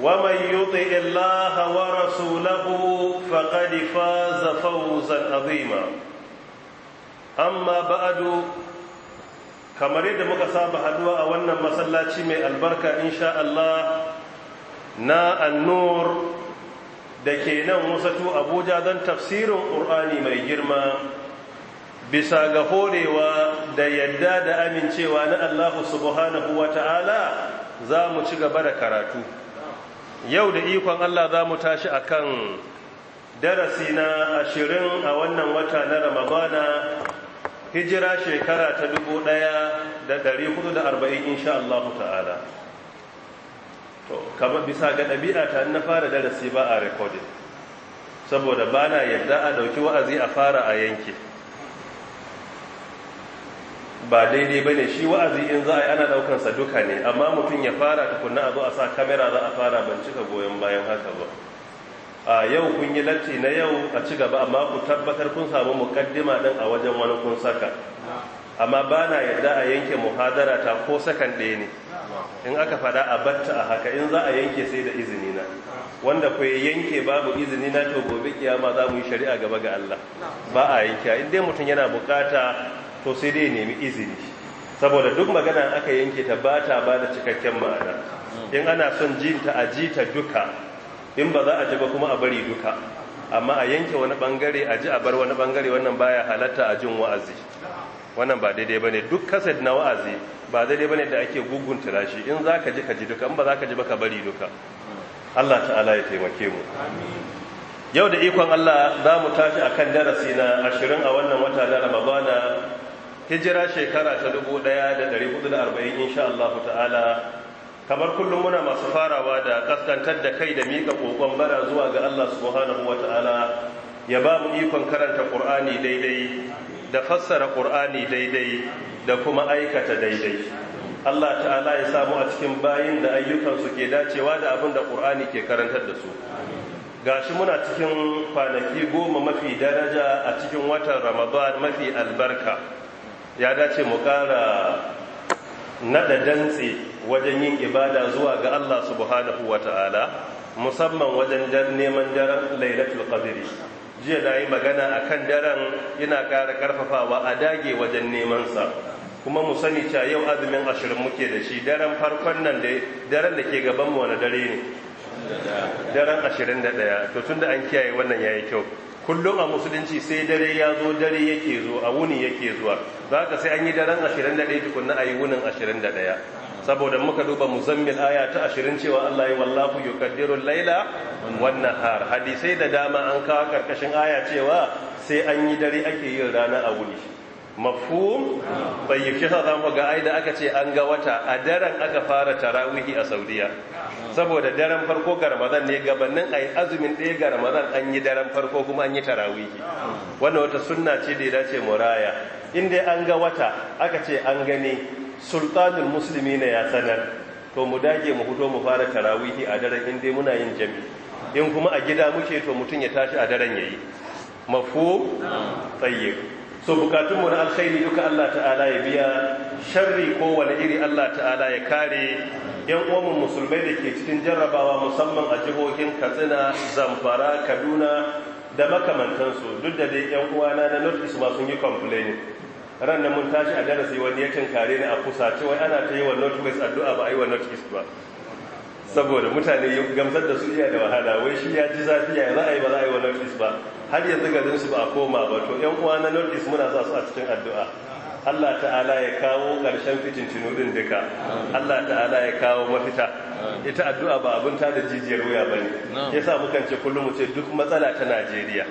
ومن يطع الله ورسوله فقد فاز فوزا عظيما أما بعد kamar yadda muka saba haduwa a wannan masallaci mai albarka insha Allah na annur da ke nan wasatu abuja don tafsirin ƙur'ani mai girma bisa ga horewa da yadda da amincewa na allahu subhanahu wa ta'ala za mu ci gaba da karatu yau da ikon Allah za mu tashi a kan darasi na ashirin a wannan wata na ramadana hijira shekara ta dubu ɗaya da ɗari hudu da arba'in insha Allah ta'ala to kama bisa ga ɗabi'a ta na fara darasi ba a rikodin saboda ba na yadda a ɗauki wa'azi a fara a yanki ba daidai ba ne shi wa'azi in za a yi ana daukansa duka ne amma mutum ya fara tukunna a zo a sa kamera za a fara bincika goyon bayan haka ba a yau kun yi latti na yau a ci gaba amma ku tabbatar kun samu mukaddima din a wajen wani kun saka amma ba na yadda a yanke muhadara ta ko sakan ɗaya ne in aka fada a batta a haka in za a yanke sai da izini na wanda ku yanke babu izini na to gobe kiyama za mu yi shari'a gaba ga Allah ba a yanke in dai mutum yana bukata to sai dai nemi izini saboda duk magana aka yanke ta ba ta ba da cikakken ma'ana in ana son jinta a ji ta duka in ba za a ji ba kuma a bari duka amma a yanke wani bangare a ji a bar wani bangare wannan baya halatta a jin wa'azi wannan ba daidai bane duk kaset na wa'azi ba daidai bane da ake gugunta rashi in za ka ji ka ji duka in ba za ka ji ba ka bari duka Allah ta'ala ya taimake mu yau da ikon Allah za mu tashi a kan darasi na ashirin a wannan wata na hijira shekara ta dubu da arba'in, insha Allah ta'ala kamar kullum muna masu farawa da kaskantar da kai da mika kokon bara zuwa ga Allah subhanahu ta'ala ya ba mu ikon karanta Qur'ani daidai da fassara Qur'ani daidai da kuma aikata daidai Allah ta'ala ya samu a cikin bayin da ayyukansu ke dacewa da abin da Qur'ani ke karantar da su gashi muna cikin kwanaki goma mafi daraja a cikin watan ramadan mafi albarka ya dace mu ƙara naɗa dantse wajen yin ibada zuwa ga Allah subhanahu wata'ala ta'ala musamman wajen neman daren lailatul qadri jiya na yi magana a kan daren yana ƙara ƙarfafawa a dage wajen nemansa kuma mu sani cewa yau azumin ashirin muke da shi daren farkon nan da daren da ke gaban mu wani dare ne daren ashirin da ɗaya to tun da an kiyaye wannan ya yi kyau kullum a musulunci sai dare ya zo dare yake zo a wuni yake zuwa za ka sai an yi daren 21 tukunna a yi wunin 21 saboda muka duba muzammil aya ta 20 cewa Allah ya yi kaddirun laila wannan har hadisai da dama an kawo karkashin aya cewa sai an yi dare ake yin rana a wuni mafhum bai yi za mu ga ai aka ce an ga wata a daren aka fara tarawihi a saudiya saboda daren farko ga ne gabanin ai azumin ɗaya ga ramadan an yi daren farko kuma an yi tarawihi wannan wata sunna ce da ya dace muraya inda an ga wata aka ce an gani sultanin musulmi ne ya sanar to mu dage mu hudo mu fara tarawihi a daren inda muna yin jami in kuma a gida muke to mutum ya tashi a daren yayi mafu tsaye so bukatunmu na alkhairi duka Allah ta'ala ya biya sharri wani iri Allah ta'ala ya kare yan uwan musulmai da ke cikin jarrabawa musamman a jihohin katsina zamfara kaduna da makamantansu duk da dai yan uwana na north east ma sun yi complaining ran nan mun tashi a darasi wani ya tinkare ni a kusa ce wai ana ta yi wa north west addu'a ba a yi wa north east ba saboda mutane gamsar da su iya da wahala wai shi ya ji zafi ya za a yi ba za a yi wa north east ba har yanzu garin su ba a koma ba to yan uwa na north east muna sa su a cikin addu'a Allah ta'ala ya kawo ƙarshen fitin tunurin duka Allah ta'ala ya kawo mafita ita addu'a ba abin ta da jijiyar wuya ba bane yasa mukan ce kullum ce duk matsala ta Najeriya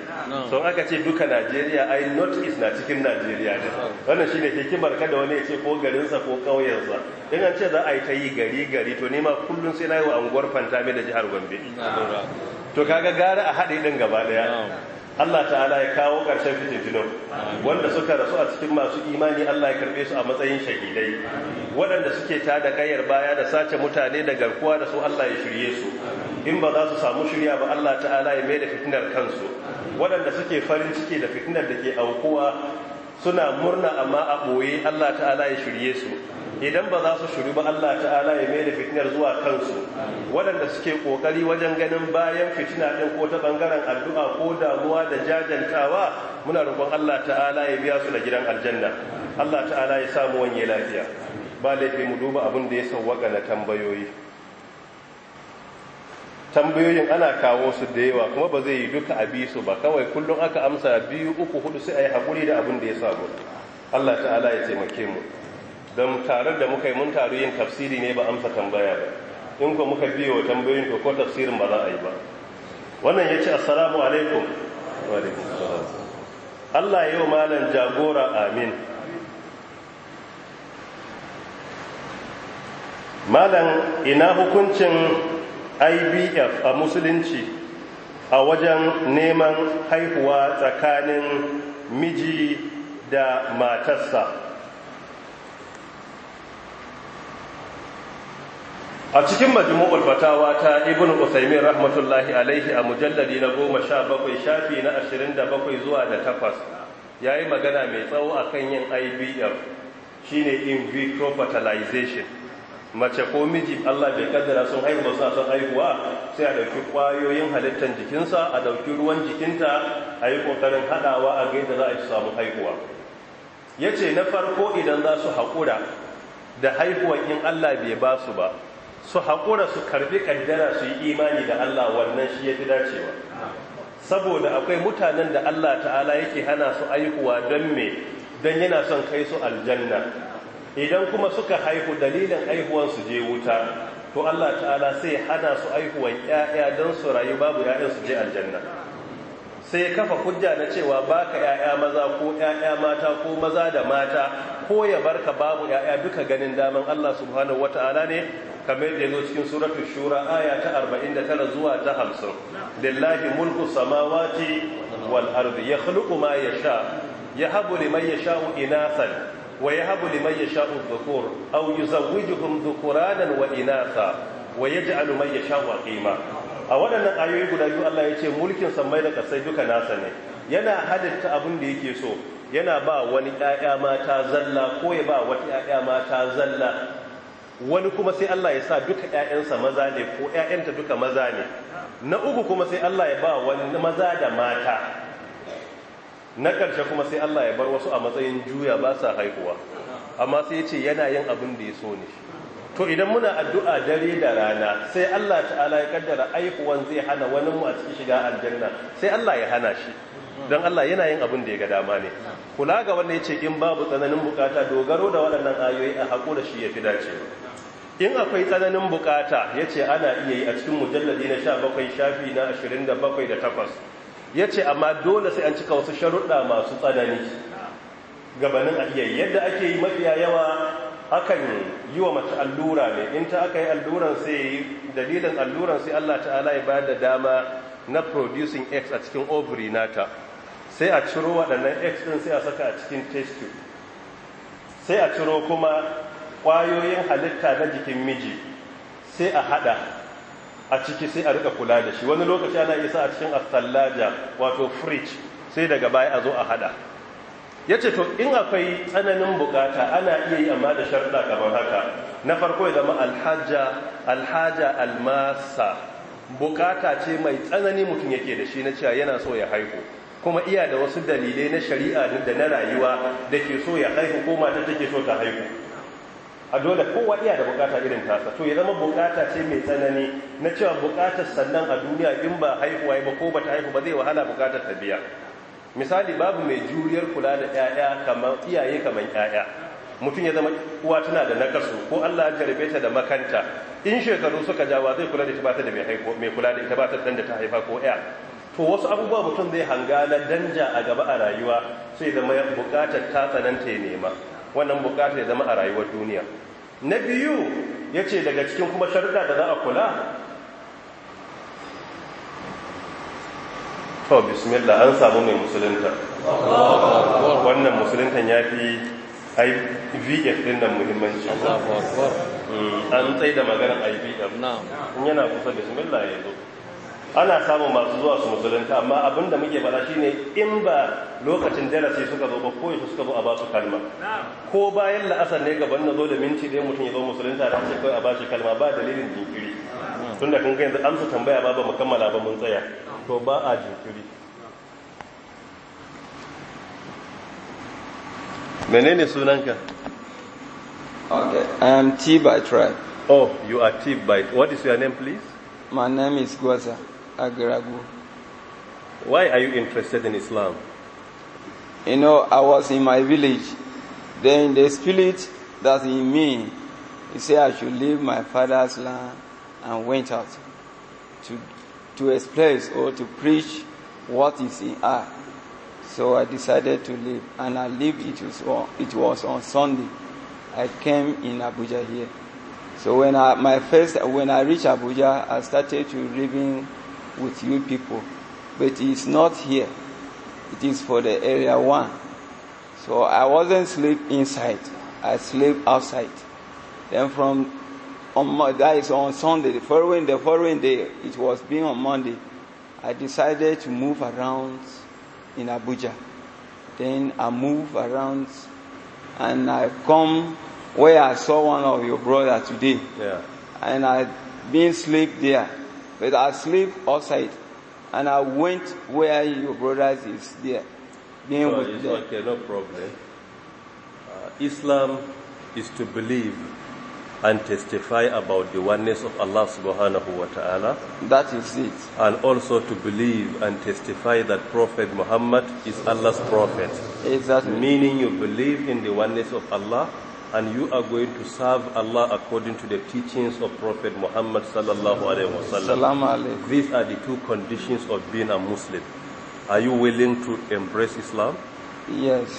so aka ce duka Najeriya ai not is na cikin Najeriya ne wannan shine hikimar kada wani ya ce ko garinsa ko ƙauyensa. sa in an ce za a yi ta yi gari gari to nema kullum sai na yi wa anguwar Fantami da jihar Gombe to kaga gara a haɗe din gaba daya Allah ta'ala ya kawo ƙarshen filon wanda suka rasu a cikin masu imani Allah ya karɓe su a matsayin shahidai waɗanda suke ta da ƙayar baya da sace mutane da garkuwa da su Allah ya shirye su in ba za su samu shirya ba Allah ta'ala ya mai da fitinar kansu waɗanda suke farin ciki da fitinar da ke aukuwa suna murna amma a ɓoye Allah ta'ala ya shirye su idan ba za su shiru ba Allah ta'ala ya mai da fitinar zuwa kansu waɗanda suke ƙoƙari wajen ganin bayan fitina ɗin ko ta ɓangaren addu'a ko damuwa da jajantawa muna roƙon Allah ta'ala ya biya su da gidan aljanna Allah ta'ala ya samu wanye lafiya ba laifi mu duba abin da ya sauwaka na tambayoyi tambayoyin ana kawo su da yawa kuma ba zai yi duka a su ba kawai kullum aka amsa biyu uku hudu sai a yi haƙuri da abin da ya samu Allah ta'ala ya taimake mu don tarar da muka yi mun taru yin tafsiri ne ba amsa tambaya ba in ko muka biyo tambayoyin ko tafsirin ba za a yi ba wannan ya ce assalamu alaikum wa alaikum Allah yau malam jagora amin malam ina hukuncin IVF a musulunci a wajen neman haihuwa tsakanin miji da matarsa a cikin majmu'ul fatawa ta Ibnu usaymin rahmatullahi alaihi a mujalladi na goma sha bakwai shafi na ashirin da bakwai zuwa da takwas ya yi magana mai tsawo a kan yin ibf shine in vitro fertilization mace ko miji allah bai kadara sun haihu sun suna haihuwa sai a ɗauki kwayoyin halittar jikinsa a ɗauki ruwan jikinta a yi kokarin haɗawa a ga yadda za a samu haihuwa ya ce na farko idan za su haƙura da haihuwa in allah bai ba su ba su haƙura su karbi ƙaddara su yi imani da Allah wannan shi ya fi dacewa saboda akwai mutanen da Allah ta'ala yake hana su aihuwa don me don yana son kai su aljanna idan kuma suka haihu dalilin su je wuta to Allah ta'ala sai hana su aihuwan ƴaƴa don su rayu babu ƴaƴan su je aljanna sai kafa hujja na cewa baka ƴaƴa maza ko ƴaƴa mata ko maza da mata ko ya barka babu ƴaƴa duka ganin daman Allah subhanahu wata'ala ne kamar da zo cikin suratul shura aya ta arba'in da tara zuwa ta 50 lillahi mulku samawati wal ardi yakhluqu ma yasha yahabu liman yasha'u inathan wa yahabu liman yasha'u dhukur aw yuzawwijuhum dhukuranan wa inatha wa yaj'alu man ya qima a waɗannan ayoyi guda biyu Allah ya ce mulkin samai da kasai duka nasa ne yana halitta abin da yake so yana ba wani ƴaƴa mata zalla ko ya ba wata ƴaƴa mata zalla wani kuma sai Allah ya sa duka ‘ya'yansa maza ne ko ‘ya'yanta duka maza ne na uku kuma sai Allah ya ba wani maza da mata na ƙarshe kuma sai Allah ya bar wasu a matsayin juya ba sa haihuwa amma sai ya ce yana yin abin da ya so ne to idan muna addu'a dare da rana sai Allah ta'ala ya kaddara aihuwan zai hana wani mu a cikin shiga aljanna sai Allah ya hana shi don Allah yana yin abin da ya ga dama ne kula ga wanda ya ce in babu tsananin bukata dogaro da waɗannan ayoyi a haƙo da shi ya fi dacewa in akwai tsananin bukata ya ce ana iya yi a cikin mujalladi na sha bakwai shafi na ashirin da bakwai da takwas ya ce amma dole sai an cika wasu sharuɗa masu tsanani gabanin a iya yadda ake yi mafiya yawa akan yi wa mace allura ne in ta aka yi alluran sai dalilin alluran sai Allah ta'ala ya bayar da dama na producing eggs a cikin ovary nata sai a ciro waɗannan eggs ɗin sai a saka a cikin test tube sai a ciro kuma Kwayoyin halitta na jikin miji sai a hada a ciki sai a rika kula da shi wani lokaci ana isa a cikin astallaja wato fridge sai daga baya a zo a hada ya ce to in akwai tsananin bukata ana iya yi amma da sharɗa kamar haka na farko ya zama alhaja alhaja almasa bukata ce mai tsanani mutum yake da shi na cewa yana so ya haihu kuma iya da wasu dalilai na shari'a da na rayuwa da ke so ya haihu ko mata take so ta haihu a dole kowa iya da bukata irin tasa to ya zama bukata ce mai tsanani na cewa bukatar sannan a duniya in ba haihuwa ba ko ba ta haihu ba zai wahala bukatar ta biya misali babu mai juriyar kula da ƴaƴa kamar iyaye kamar ƴaƴa mutum ya zama uwa tana da nakasu ko Allah ya jarabe ta da makanta in shekaru suka jawa zai kula da ita ba ta da mai mai kula da ita ba ta dan da ta haifa ko ƴa to wasu abubuwa mutum zai hanga na danja a gaba a rayuwa sai zama bukatar ta tsananta ya nema wannan bukata ya zama a rayuwar duniya na biyu ya ce daga cikin kuma sharuɗa da za a kula to bismillah an samu mai musulunta wannan musuluntan ya fi ivf din nan muhimmanci mm, an tsaye da maganin ivf in yana kusa bismillah ya zo ana samun masu zuwa su musulunta amma abin da muke bada shine in ba lokacin darasi suka zo ba ko yaushe suka zo a ba su kalma ko bayan la'asar ne gaban na zo da minti ɗaya mutum ya zo musulunta da ce kawai a ba shi kalma ba dalilin jinkiri tun da kun ga yanzu amsa tambaya ba ba mu kammala ba mun tsaya to ba a jinkiri menene sunanka okay i am t by tribe oh you are t by what is your name please my name is gwaza Why are you interested in Islam? You know, I was in my village. Then the spirit that's in me, he said I should leave my father's land and went out to, to express or to preach what is in her. So I decided to leave and I leave it was on, it was on Sunday. I came in Abuja here. So when I, my first, when I reached Abuja, I started to living with you people. But it's not here. It is for the area one. So I wasn't sleep inside. I sleep outside. Then from on my, that is on Sunday. The following the following day, it was being on Monday. I decided to move around in Abuja. Then I move around and I come where I saw one of your brother today. Yeah. And I been sleep there but I sleep outside and I went where your brothers is there. Being so with them. Okay, no problem. Uh, Islam is to believe and testify about the oneness of Allah subhanahu wa ta'ala. That is it. And also to believe and testify that Prophet Muhammad is Allah's prophet. Exactly. Meaning you believe in the oneness of Allah and you are going to serve Allah according to the teachings of Prophet Muhammad sallallahu alaihi wasallam. These are the two conditions of being a Muslim. Are you willing to embrace Islam? Yes.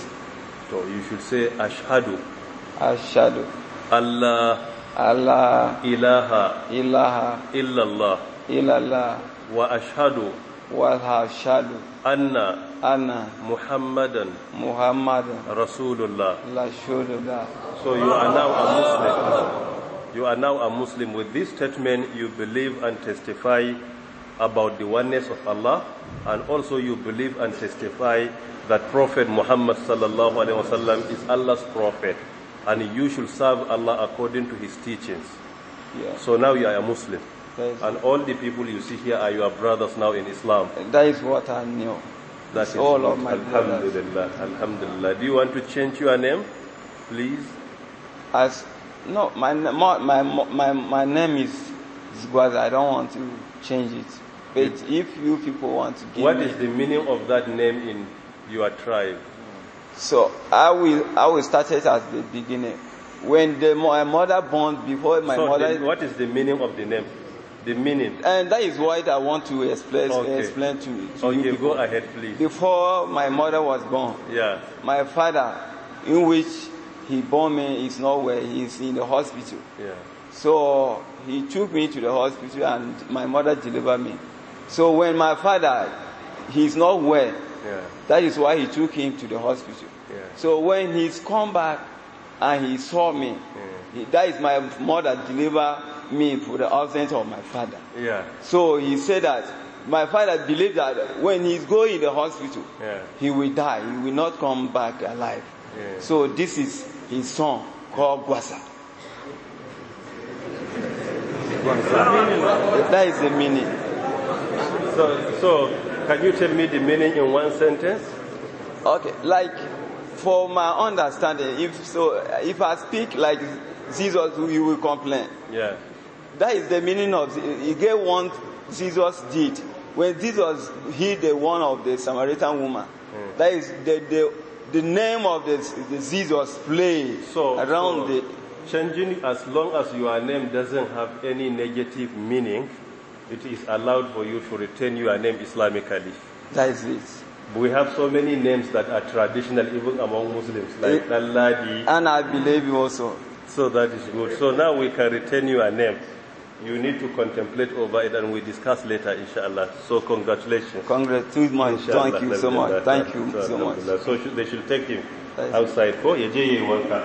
So you should say Ashhadu. Ashhadu. Allah. Allah. Ilaha. Ilaha. Illallah. Illallah. Wa ashhadu. Wa ashhadu. Anna. أن محمدا محمدا رسول الله رسول الله So you are now a Muslim. You are now a Muslim. With this statement, you believe and testify about the oneness of Allah, and also you believe and testify that Prophet Muhammad sallallahu alaihi wasallam is Allah's prophet, and you should serve Allah according to His teachings. Yeah. So now you are a Muslim, and all the people you see here are your brothers now in Islam. That is what I knew. That is all of my Alhamdulillah, Alhamdulillah. Do you want to change your name, please? As, no, my, my, my, my, my name is Zigwaza. I don't want to change it. But it, if you people want to give What me, the meaning of that name in your tribe? So I will, I will start it at the beginning. When the, my mother born, before my so mother... The, what is the meaning of the name? the meaning. And that is what I want to explain, okay. explain to, to okay, you. People. go ahead, please. Before my mother was born, yeah. my father, in which he born me, is not where he is in the hospital. Yeah. So he took me to the hospital and my mother delivered me. So when my father, he's not well, yeah. that is why he took him to the hospital. Yeah. So when he's come back and he saw me, yeah. he, that is my mother deliver me for the absence of my father. Yeah. So he said that my father believed that when he's going in the hospital, yeah. he will die. He will not come back alive. Yeah. So this is his son called Gwasa. that is the meaning. So, so, can you tell me the meaning in one sentence? Okay, like for my understanding, if so, if I speak like Jesus, you will complain. Yeah. That is the meaning of, he what Jesus did. When Jesus healed the one of the Samaritan woman, mm. that is the, the, the name of the, the Jesus play so, around so the. Changing as long as your name doesn't have any negative meaning, it is allowed for you to retain your name Islamically. That is it. We have so many names that are traditional even among Muslims, like eh, Alladi. And I believe you also. So that is good. So now we can retain your name you need to contemplate over it and we discuss later, inshallah. So congratulations. Congratulations. Thank you so much. Thank you so much. So they should take him outside for. ya je yayi wanka.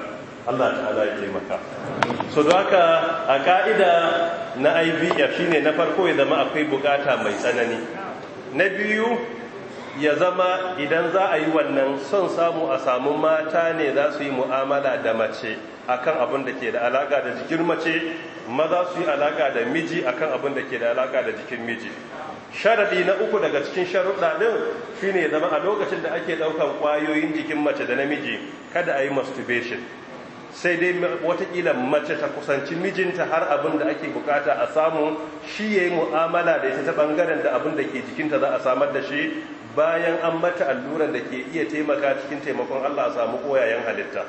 Allah ta'ala ya taimaka. So don haka a ka'ida na IVF shine na farko ya zama akwai bukata ya zama idan za a yi wannan son samu a samu mata ne za su yi mu'amala da mace. akan abin da ke da alaka da jikin mace maza su yi alaka da miji akan abin da ke da alaka da jikin miji sharadi na uku daga cikin sharuɗa ɗin shine zama a lokacin da ake ɗaukan ƙwayoyin jikin mace da namiji kada a yi masturbation sai dai watakila mace ta kusanci mijinta har abin da ake bukata a samu shi ya yi mu'amala da ita ta bangaren da abin da ke jikinta za a samar da shi bayan an mata alluran da ke iya taimaka cikin taimakon Allah a samu koyayen halitta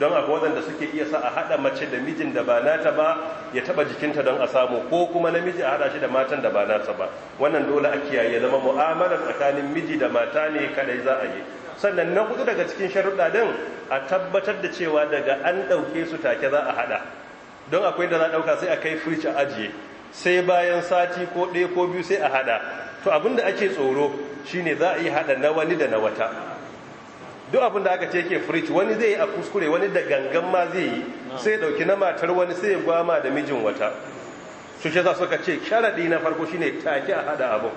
don akwai waɗanda suke iya sa a haɗa mace da mijin da ba nata ba ya taɓa jikinta don a samu ko kuma namiji a haɗa shi da matan da ba nata ba wannan dole a kiyaye zama mu'amalar tsakanin miji da mata ne kadai za a yi sannan na hudu daga cikin sharuɗa din a tabbatar da cewa daga an ɗauke su take za a haɗa don akwai da za a ɗauka sai a kai firci a ajiye sai bayan sati ko ɗaya ko biyu sai a haɗa to abin da ake tsoro shine za a yi haɗa na wani da na wata duk abin da aka ce yake fridge wani zai yi a kuskure wani da gangan ma zai yi sai dauki na matar wani sai ya gwama da mijin wata su ce za suka ce sharaɗi na farko shine take a hada abin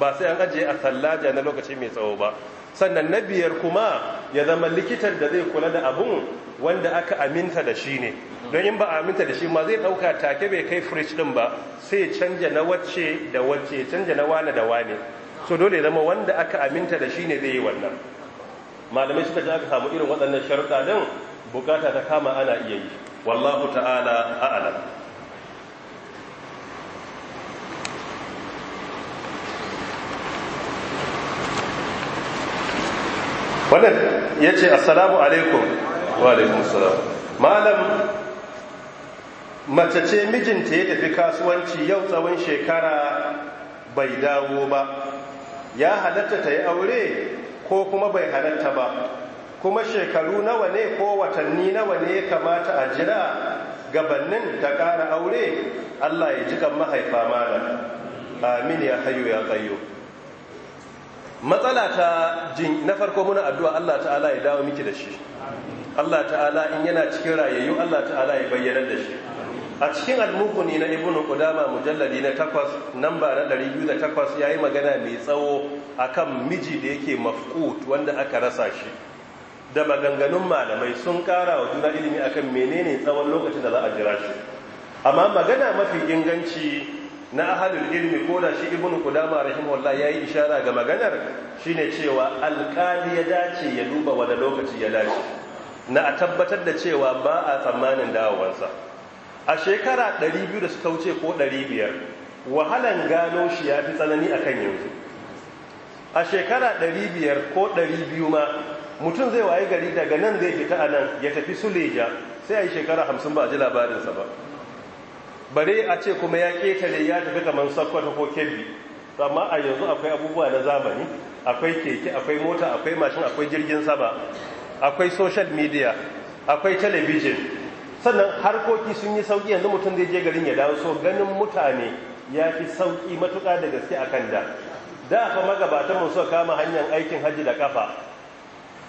ba sai an ajiye a sallaja na lokaci mai tsawo ba sannan na biyar kuma ya zama likitan da zai kula da abun wanda aka aminta da shi ne don in ba aminta da shi ma zai ɗauka take bai kai fridge ɗin ba sai canja na wacce da wacce canja na wane da wane so dole zama wanda aka aminta da shi ne zai yi wannan malamai suka ji samu irin waɗannan sharuɗa din bukata ta kama ana iya yi wallahu ta'ala a'lam wannan ya ce assalamu alaikum wa alaikum salam malam mace ce mijinta ya tafi kasuwanci yau tsawon shekara bai dawo ba ya halatta ta yi aure ko kuma bai halatta ba kuma shekaru nawa ne ko watanni nawa ne ya kamata a jira gabannin ta ƙara aure Allah ya ji kan mahaifa mana amin ya hayo ya kayo matsala ta na farko muna addu'a Allah ta'ala ya dawo miki da shi Allah ta'ala in yana cikin rayayyu Allah ta'ala ya bayyana da shi a cikin almukuni na ibnu qudama mujalladi na 8 namba na 208 yayi magana mai tsawo akan miji da yake mafkut wanda aka rasa shi da maganganun malamai sun kara wa juna ilimi akan menene tsawon lokacin da za a jira shi amma magana mafi inganci na ahalul ilimi ko da shi ibnu qudama rahimahullah yayi ishara ga maganar shine cewa alqadi ya dace ya duba wani lokaci ya dace na a tabbatar da cewa ba a tsammanin dawowarsa a shekara 200 da suka wuce ko 500 wahalan gano shi ya fi tsanani akan yanzu a shekara 500 ko 200 ma mutum zai waye gari daga nan zai fita a nan ya tafi suleja sai a yi shekara 50 ba a ji labarinsa ba bare a ce kuma ya ƙetare ya tafi kamar sakwata ko kebbi amma a yanzu akwai abubuwa na zamani akwai keke akwai mota akwai mashin akwai jirgin sama akwai social media akwai television sannan harkoki sun yi sauki yanzu mutum zai je garin ya dawo so ganin mutane ya fi sauƙi matuƙa da gaske a kan da da fa magabatan musu ka kama hanyar aikin hajji da kafa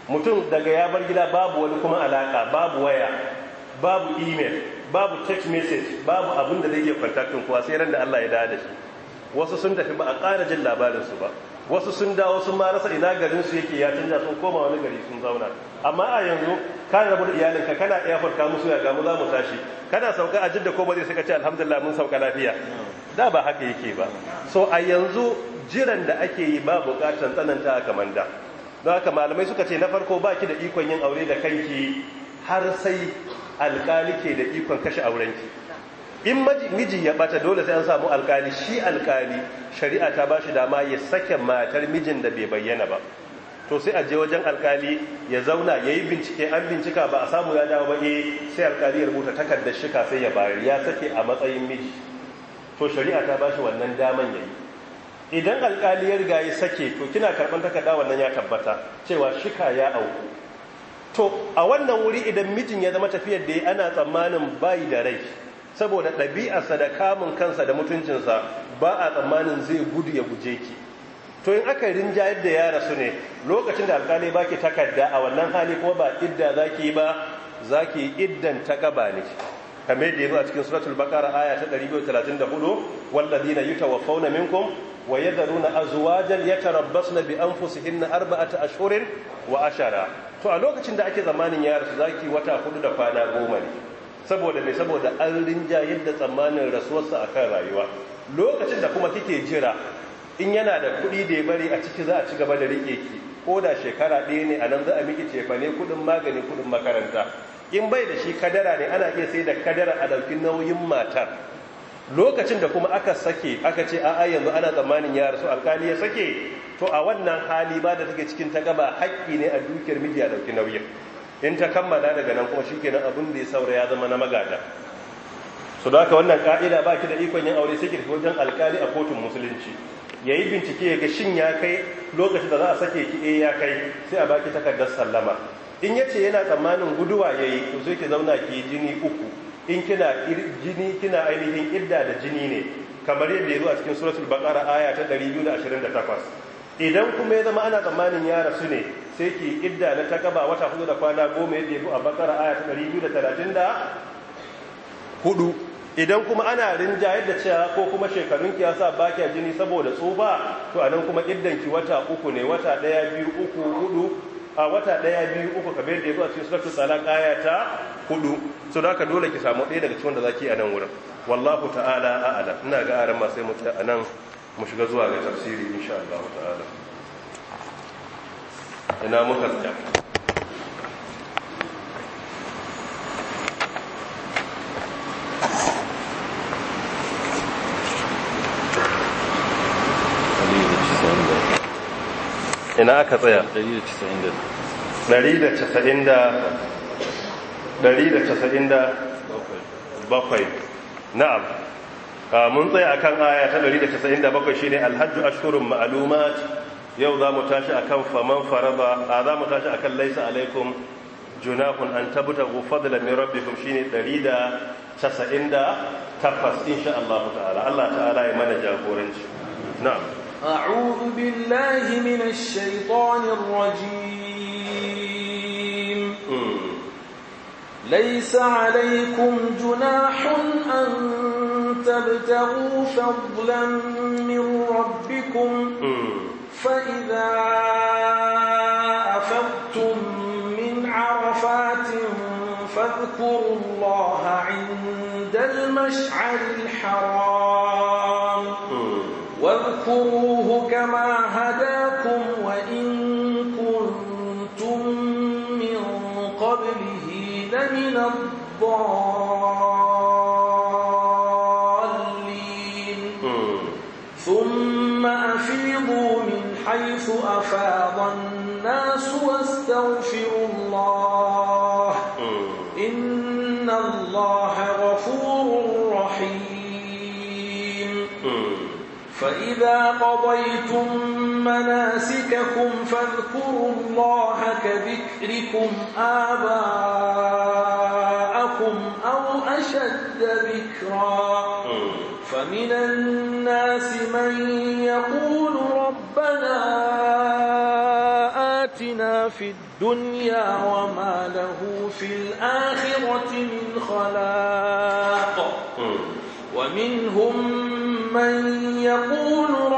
mutum daga ya bar gida babu wani kuma alaka babu waya babu email babu text message babu abin da zai iya kuwa sai ran da Allah ya dada shi wasu sun tafi ba a ƙara jin labarin su ba wasu sun dawo sun ma rasa ina garin su yake ya canja sun koma wani gari sun zauna amma a yanzu ka rabu da iyalinka kana airport ka musu ya gamu za mu tashi kana sauka a jidda ko ba zai saka ce alhamdulillah mun sauka lafiya da ba haka yake ba so a yanzu jiran da ake yi ba bukatar tsananta a kamanda don haka malamai suka ce na farko ba ki da ikon yin aure da kanki har sai alkali ke da ikon kashe aurenki in miji ya bata dole sai an samu alkali shi alkali shari'a ta ba shi dama ya sake matar mijin da bai bayyana ba to sai a je wajen alkali ya zauna ya yi bincike an bincika ba a samu ya dawo ba eh, sai alkali ya rubuta takardar shika sai ya bayar ya sake a matsayin miji to shari'a ta ba shi wannan daman ya yi idan alkali ya riga ya sake to kina karban takarda wannan ya tabbata cewa shika ya auku to a wannan wuri idan mijin ya zama tafiyar da ana tsammanin bayi da rai saboda ɗabi'arsa da kamun kansa da mutuncinsa ba a tsammanin zai gudu ya guje ki to in aka rinjayar da ya rasu ne lokacin da alkali ba ki takarda a wannan hali kuma ba idda za ki yi ba za ki yi iddan ta gaba ne kamar da ya zo a cikin suratul bakara aya ta 234 wallazina yutawaffawna minkum wa na bi'an yatarabbasna bi anfusihin ta ashhurin wa ashara to a lokacin da ake zamanin ya rasu zaki wata hudu da kwana goma ne saboda me saboda an rinja yadda tsammanin rasuwarsa akan rayuwa lokacin da kuma kike jira in yana da kuɗi da ya bari a ciki za a ci gaba da rike ki ko da shekara ɗaya ne a nan za a miki cefane kuɗin magani kuɗin makaranta in bai da shi kadara ne ana iya sai da kadara a ɗauki nauyin matar lokacin da kuma aka sake aka ce a yanzu ana tsammanin ya rasu alkali ya sake to a wannan hali ba da take cikin ta gaba haƙƙi ne a dukiyar miji a dauki nauyin in ta kammala daga nan kuma shi kenan abin da ya saura ya zama na magada Su da aka wannan ka'ida ba ki da ikon yin aure sai ki tafi wajen alkali a kotun musulunci Ya yi bincike ga shin ya kai lokacin da za a sake ki eh ya kai sai a baki takardar sallama in ya ce yana tsammanin guduwa ya yi, to sai ki zauna ki jini uku in kina jini kina ainihin idda da jini ne kamar yadda ya zo a cikin suratul baqara aya ta 228 idan kuma ya zama ana tsammanin ya rasu ne sai ki idda na ta kaba wata hudu da kwana goma yadda ya zo a baqara aya ta 234 idan kuma ana rinjayar da cewa ko kuma shekarun ki ya sa ba jini saboda tsufa to anan kuma iddan ki wata uku ne wata daya biyu uku hudu a wata daya biyu uku ka yadda da zo a cikin suratul talaq aya ta hudu so da ka dole ki samu ɗaya daga cikin da zaki a nan wurin wallahu ta'ala a'ala ina ga aran ma sai mu tsaya a nan mu shiga zuwa ga tafsiri insha Allah ta'ala ina muka tsaya ina aka tsaya 197 na'am mun tsaya akan aya ta 197 shine alhajju ashhurun ma'lumat yau za mu tashi a akan faman faraba a za mu tashi a kan laisa alaikum junahun an tabbata tabtagu fadlan min rabbikum shine 198 insha Allah ta'ala Allah ta'ala ya mana jagoranci na'am أعوذ بالله من الشيطان الرجيم ليس عليكم جناح أن تبتغوا فضلا من ربكم فإذا أفضتم من عرفات فاذكروا الله عند المشعر الحرام فاذكروه كما هداكم وإن كنتم من قبله لمن الضالين ثم أفيضوا من حيث أفاض الناس واستغفروا فإذا قضيتم مناسككم فاذكروا الله كذكركم آباءكم أو أشد ذكرا فمن الناس من يقول ربنا آتنا في الدنيا وما له في الآخرة من خلاق ومنهم من يقول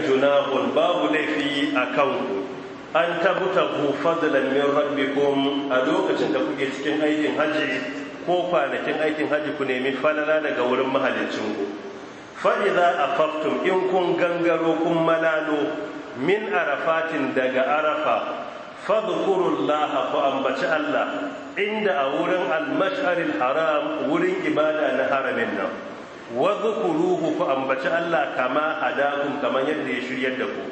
juna junahun babu laifi a kanku an tabuta ku fadlan min rabbikum a lokacin da kuke cikin aikin hajji ko kwanakin aikin hajji ku nemi falala daga wurin mahaliccin ku za a afaftum in kun gangaro kun malalo min arafatin daga arafa fadhkurullaha ku ambaci Allah inda a wurin al haram wurin ibada na haramin nan wa zukuruhu ku ambaci Allah kama hadakum kaman yadda ya shiryar da ku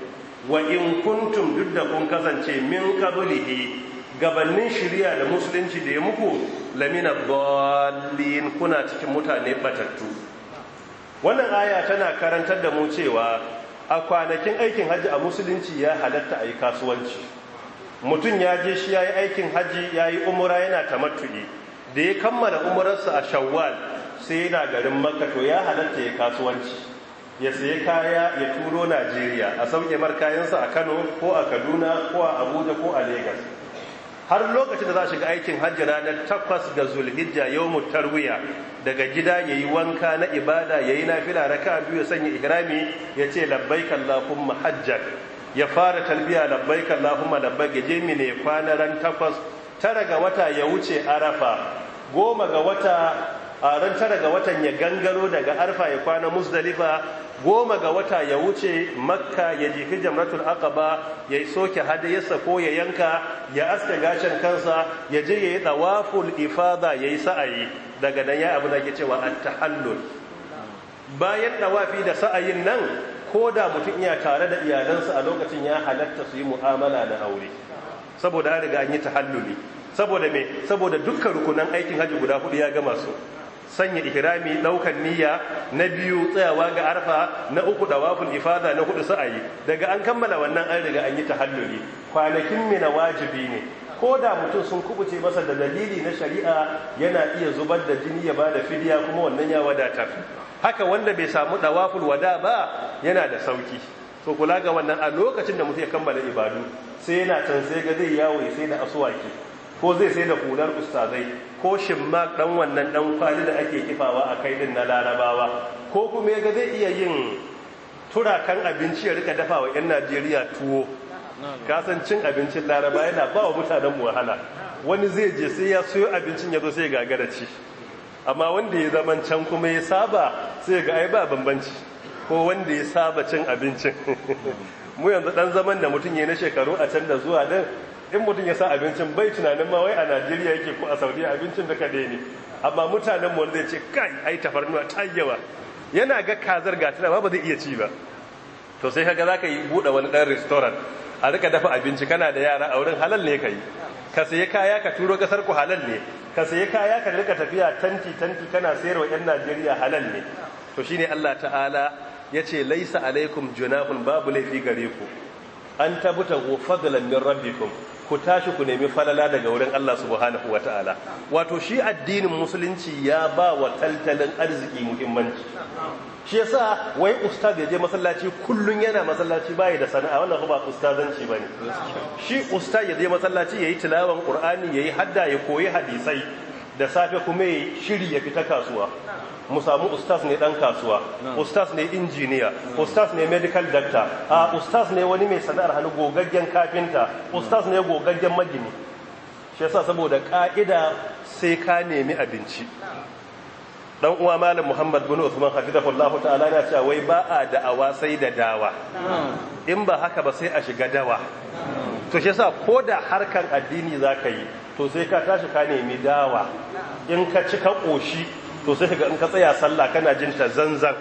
wa in kuntum duk da kun kasance min kabulihi gabanin shirya da musulunci da ya muku lamina dalilin kuna cikin mutane batattu wannan aya tana karantar da mu cewa a kwanakin aikin hajji a musulunci ya halatta a yi kasuwanci mutum ya je shi ya yi aikin hajji ya yi umura yana tamattu'i da ya kammala umararsa a shawwal sai yana garin makka to ya halatta ya kasuwanci ya sayi kaya ya turo najeriya a sauke mar kayansa a kano ko a kaduna ko a abuja ko a Legas. har lokacin da za a shiga aikin hajji ranar takwas ga zulhijja yau mu tarwiya daga gida ya yi wanka na ibada ya yi nafila raka biyu ya sanya igrami ya ce labbaik allahumma mahajjar ya fara talbiya labbaik allahumma labbaik ya je mine kwana ran takwas tara ga wata ya wuce arafa goma ga wata a ran tara ga watan ya gangaro daga arfa ya kwana musdalifa goma ga wata ya wuce makka ya jiki jamratul aqaba ya soke hadayarsa ko ya yanka ya aske gashin kansa ya je ya yi tawaful ifada ya yi sa'ayi daga nan ya abu da ke cewa at-tahallul bayan tawafi da sa'ayin nan ko da mutum ya tare da iyalansa a lokacin ya halatta su yi mu'amala da aure saboda an riga an yi tahalluli saboda me saboda dukkan rukunan aikin hajji guda hudu ya gama su sanya ihrami daukan niyya na biyu tsayawa ga arfa na uku da dawaful ifada na hudu sa'ayi daga an kammala wannan an riga an yi tahalluli kwanakin mina wajibi ne ko da mutum sun kubuce masa da dalili na shari'a yana iya zubar da jini ya bada fidiya kuma wannan ya wadatar haka wanda bai samu dawaful wada ba yana da sauki to kula ga wannan a lokacin da mutum ya kammala ibadu sai yana can sai ga zai yawo sai da asuwaki ko zai sai da hular ustazai ko shimma dan wannan dan kwali da ake kifawa a kai din na larabawa ko kuma ga zai iya yin turakan abinci ya rika dafawa 'yan najeriya tuwo kasancin abincin laraba yana ba wa mutanen wahala wani zai je sai ya soyo abincin ya zo sai gagara ci amma wanda ya zaman can kuma ya saba sai ga ai ba bambanci ko wanda ya saba cin abincin mu yanzu dan zaman da mutum ya na shekaru a can da zuwa din in mutum ya sa abincin bai tunanin ma wai a najeriya yake ko a saudiya abincin da kaɗai ne amma mutanen mu zai ce kai ai tafarnuwa ta yawa yana ga kazar gatuna ba ba zai iya ci ba to sai kaga zaka yi buɗe wani ɗan restaurant a rika dafa abinci kana da yara a wurin halal ne ka yi, ka sayi kaya ka turo kasar ku halal ne ka sayi kaya ka rika tafiya tanti tanti kana wa yan Najeriya halal ne to shine Allah ta'ala ya ce, laisa alaikum junahun babu laifi gare ku an tabuta fadlan min rabbikum ku tashi ku nemi falala daga wurin Allah subhanahu ta'ala. wato shi addinin musulunci ya ba wa tattalin arziki muhimmanci shi ya sa wai ustaz ya je masallaci kullum yana masallaci bayi da sana'a wannan ba ustazanci ba ne. shi ustaz ya je masallaci ya yi tilawan ya yi hadda ya koyi hadisai da safe kuma ya shiri ya fi ta kasuwa mu samu ustaz ne dan kasuwa ustaz ne injiniya ustaz ne medical doctor a ustaz ne wani mai sana'ar hannu gogaggen kafinta ustaz ne gogaggen magini shi yasa saboda ka'ida sai ka nemi abinci dan uwa malam muhammad bin usman hafizahullahu ta'ala ya ce wai ba a da'awa sai da dawa in ba haka ba sai a shiga dawa to shi yasa ko da harkan addini zaka yi to sai ka tashi ka nemi dawa in ka ci ka koshi to sai ga in ka tsaya sallah kana jin ta zanzan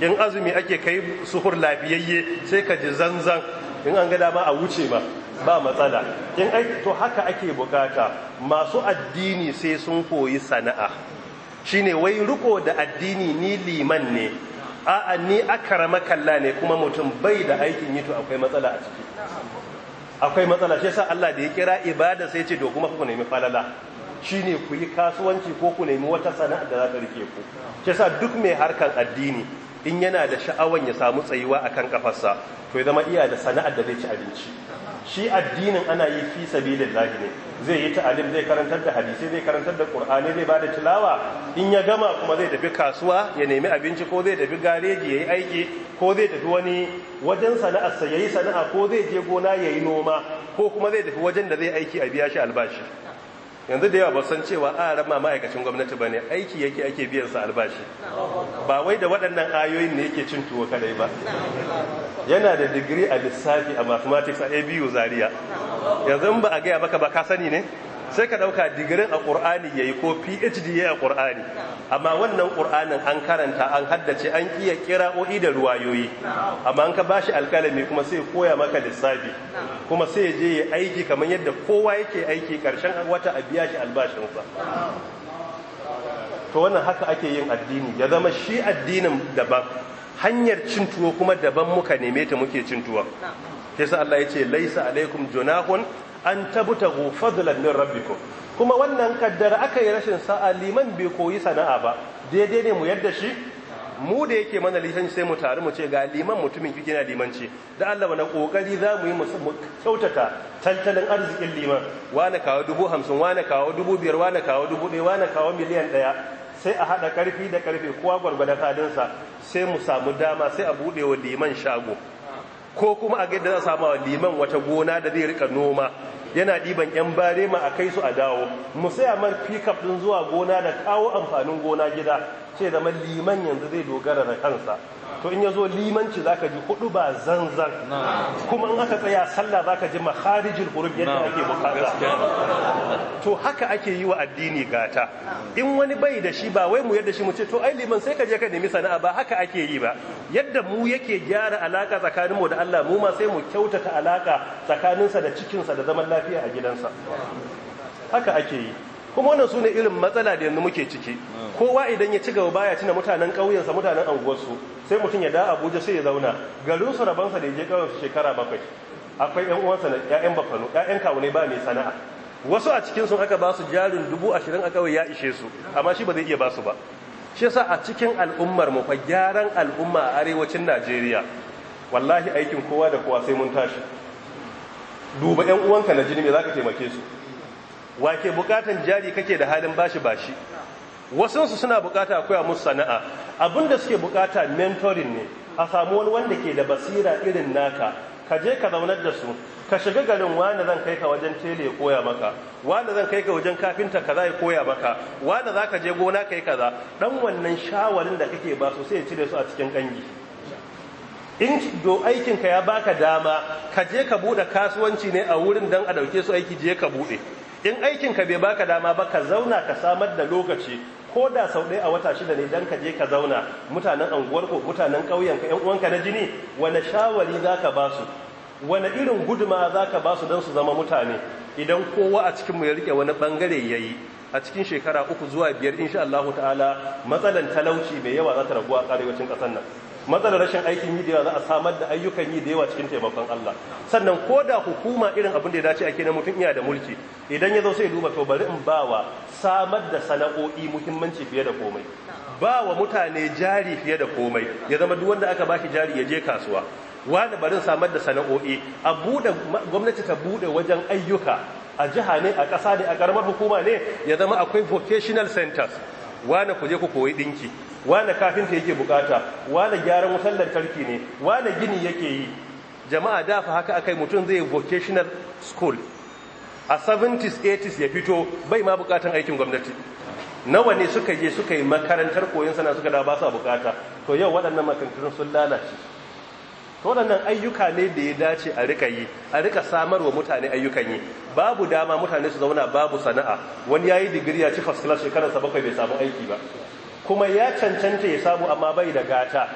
in azumi ake kai suhur lafiyayye sai ka ji zanzan in an ga dama a wuce ba ba matsala in ai to haka ake bukata masu addini sai sun koyi sana'a shine wai riko da addini ni liman ne a'a ni akarama kalla ne kuma mutum bai da aikin yi to akwai matsala a ciki akwai matsala shi yasa Allah da ya kira ibada sai ce to kuma ku nemi falala shi ne ku yi kasuwanci ko ku nemi wata sana'a da za ta rike ku Ke sa duk mai harkan addini in yana da sha'awan ya samu tsayuwa kan kafarsa to ya zama iya da sana'ar da zai ci abinci shi addinin ana yi fi sabilillahi ne zai yi ta'alim zai karantar da Hadisai, zai karantar da Ƙur'ani, zai ba da tilawa in ya gama kuma zai tafi kasuwa ya nemi abinci ko zai tafi gareji ya yi aiki ko zai tafi wani wajen sana'ar sa yi sana'a ko zai je gona ya yi noma ko kuma zai tafi wajen da zai aiki a biya shi albashi yanzu da yawa ba san cewa a rama ma'aikacin gwamnati ba ne aiki yake ake biyan sa albashi ba wai da waɗannan ayoyin ne yake cin tuwo kadai ba yana da digiri a lissafi a mathematics a abu zaria yanzu ba a gaya baka ba ka sani ne sai ka ɗauka digirin a ƙur'ani ya yi ko phd ya a ƙur'ani amma wannan ƙur'anin an karanta an haddace an iya o'i da ruwayoyi amma an ka ba shi alƙalami kuma sai koya maka lissafi kuma sai je ya aiki kamar yadda kowa yake aiki ƙarshen wata a biya shi albashinsa to wannan haka ake yin addini ya zama shi addinin daban hanyar cin tuwo kuma daban muka neme ta muke cin tuwo sai Allah ya ce laisa alaikum junahun an go fadlan min rabbikum kuma wannan kaddara aka yi rashin sa'a liman bai koyi sana'a ba daidai ne mu yadda shi mu da yake mana lisan sai mu taru mu ce ga liman mutumin kike na limanci da Allah wani kokari za mu yi mu kyautata tantalin arzikin liman wani kawo dubu hamsin wani kawo dubu biyar wani kawo dubu ɗaya wani kawo miliyan ɗaya sai a haɗa ƙarfi da ƙarfe kowa gwargwadon fadinsa sai mu samu dama sai a buɗe wa liman shago ko kuma a gida za a samu wa liman wata gona da zai rika noma yana ɗiban 'yan barema a kai su a dawo mu saya man pickup ɗin zuwa gona da kawo amfanin gona gida ce zama liman yanzu zai dogara da kansa to in ya zo limanci zaka ji hudu ba zanzan kuma in aka tsaya sallah zaka ji makharijul huruf yadda ake bukata to haka ake yi wa addini gata in wani bai da shi ba wai mu yadda shi mu ce to ai liman sai ka je ka nemi sana'a ba haka ake yi ba yadda mu yake gyara alaka tsakanin mu da Allah mu ma sai mu kyautata alaka tsakaninsa da cikinsa da zaman lafiya a gidansa haka ake yi kuma wannan su ne irin matsala da yanzu muke ciki kowa idan ya ci gaba baya cina mutanen ƙauyensa mutanen anguwarsu sai mutum ya da abuja sai ya zauna garin garinsu rabansa da ya je ƙauyensu shekara bakwai akwai ƴan uwansa na ƴaƴan bafano ƴaƴan kawunai ba mai sana'a wasu a cikin sun aka ba su jarin dubu ashirin a kawai ya ishe su amma shi ba zai iya ba su ba shi yasa a cikin al'ummar mu fa gyaran al'umma a arewacin najeriya wallahi aikin kowa da kowa sai mun tashi duba ƴan uwanka na jini me zaka taimake su wake bukatan jari kake da halin bashi bashi wasansu suna bukata koya musu sana'a abinda suke bukata mentoring ne a samu wani wanda ke da basira irin naka ka je ka zaunar da su ka shiga garin wani zan kai ka wajen tele koya maka wani zan kai ka wajen kafinta kaza ya koya maka wani za ka je gona kai kaza Ɗan wannan shawarin da kake ba su sai cire su a cikin kangi in do aikinka ya baka dama ka je ka buɗe kasuwanci ne a wurin dan a ɗauke su aiki je ka buɗe. in aikin ka bai baka dama ba ka zauna ka samar da lokaci ko da sau ɗaya a wata shida ne don ka je ka zauna mutanen anguwar ko mutanen ƙauyen ka uwanka na jini wani shawari zaka ba su wani irin guduma zaka ba su don su zama mutane idan kowa a cikin mu ya rike wani bangare ya yi, a cikin shekara uku zuwa biyar insha Allah ta'ala matsalan talauci mai yawa za ta ragu a ƙarewacin ƙasar nan matsalar rashin aikin yi da yawa za a samar da ayyukan yi da yawa cikin taimakon Allah sannan ko da hukuma irin abin da ya dace ake na mutum iya da mulki idan ya zo sai duba to bari in bawa samar da sana'o'i muhimmanci fiye da komai bawa mutane jari fiye da komai ya zama duk wanda aka bashi jari ya je kasuwa wani barin samar da sana'o'i a bude gwamnati ta bude wajen ayyuka a jiha ne a ƙasa ne a ƙaramar hukuma ne ya zama akwai vocational centers wani ku je ku koyi ɗinki wane kafinta yake bukata wane gyaran wutar lantarki ne wane gini yake yi jama'a dafa haka akai mutum zai vocational school a 70s 80s ya fito bai ma bukatan aikin gwamnati nawa ne suka je suka yi makarantar koyon sana suka da ba su bukata to yau waɗannan makarantun sun lalace to waɗannan ayyuka ne da ya dace a rika yi a rika samar wa mutane ayyukan yi babu dama mutane su zauna babu sana'a wani ya yi digiri ya ci first class shekarar sa bakwai bai samu aiki ba kuma ya cancanta ya samu amma bai da gata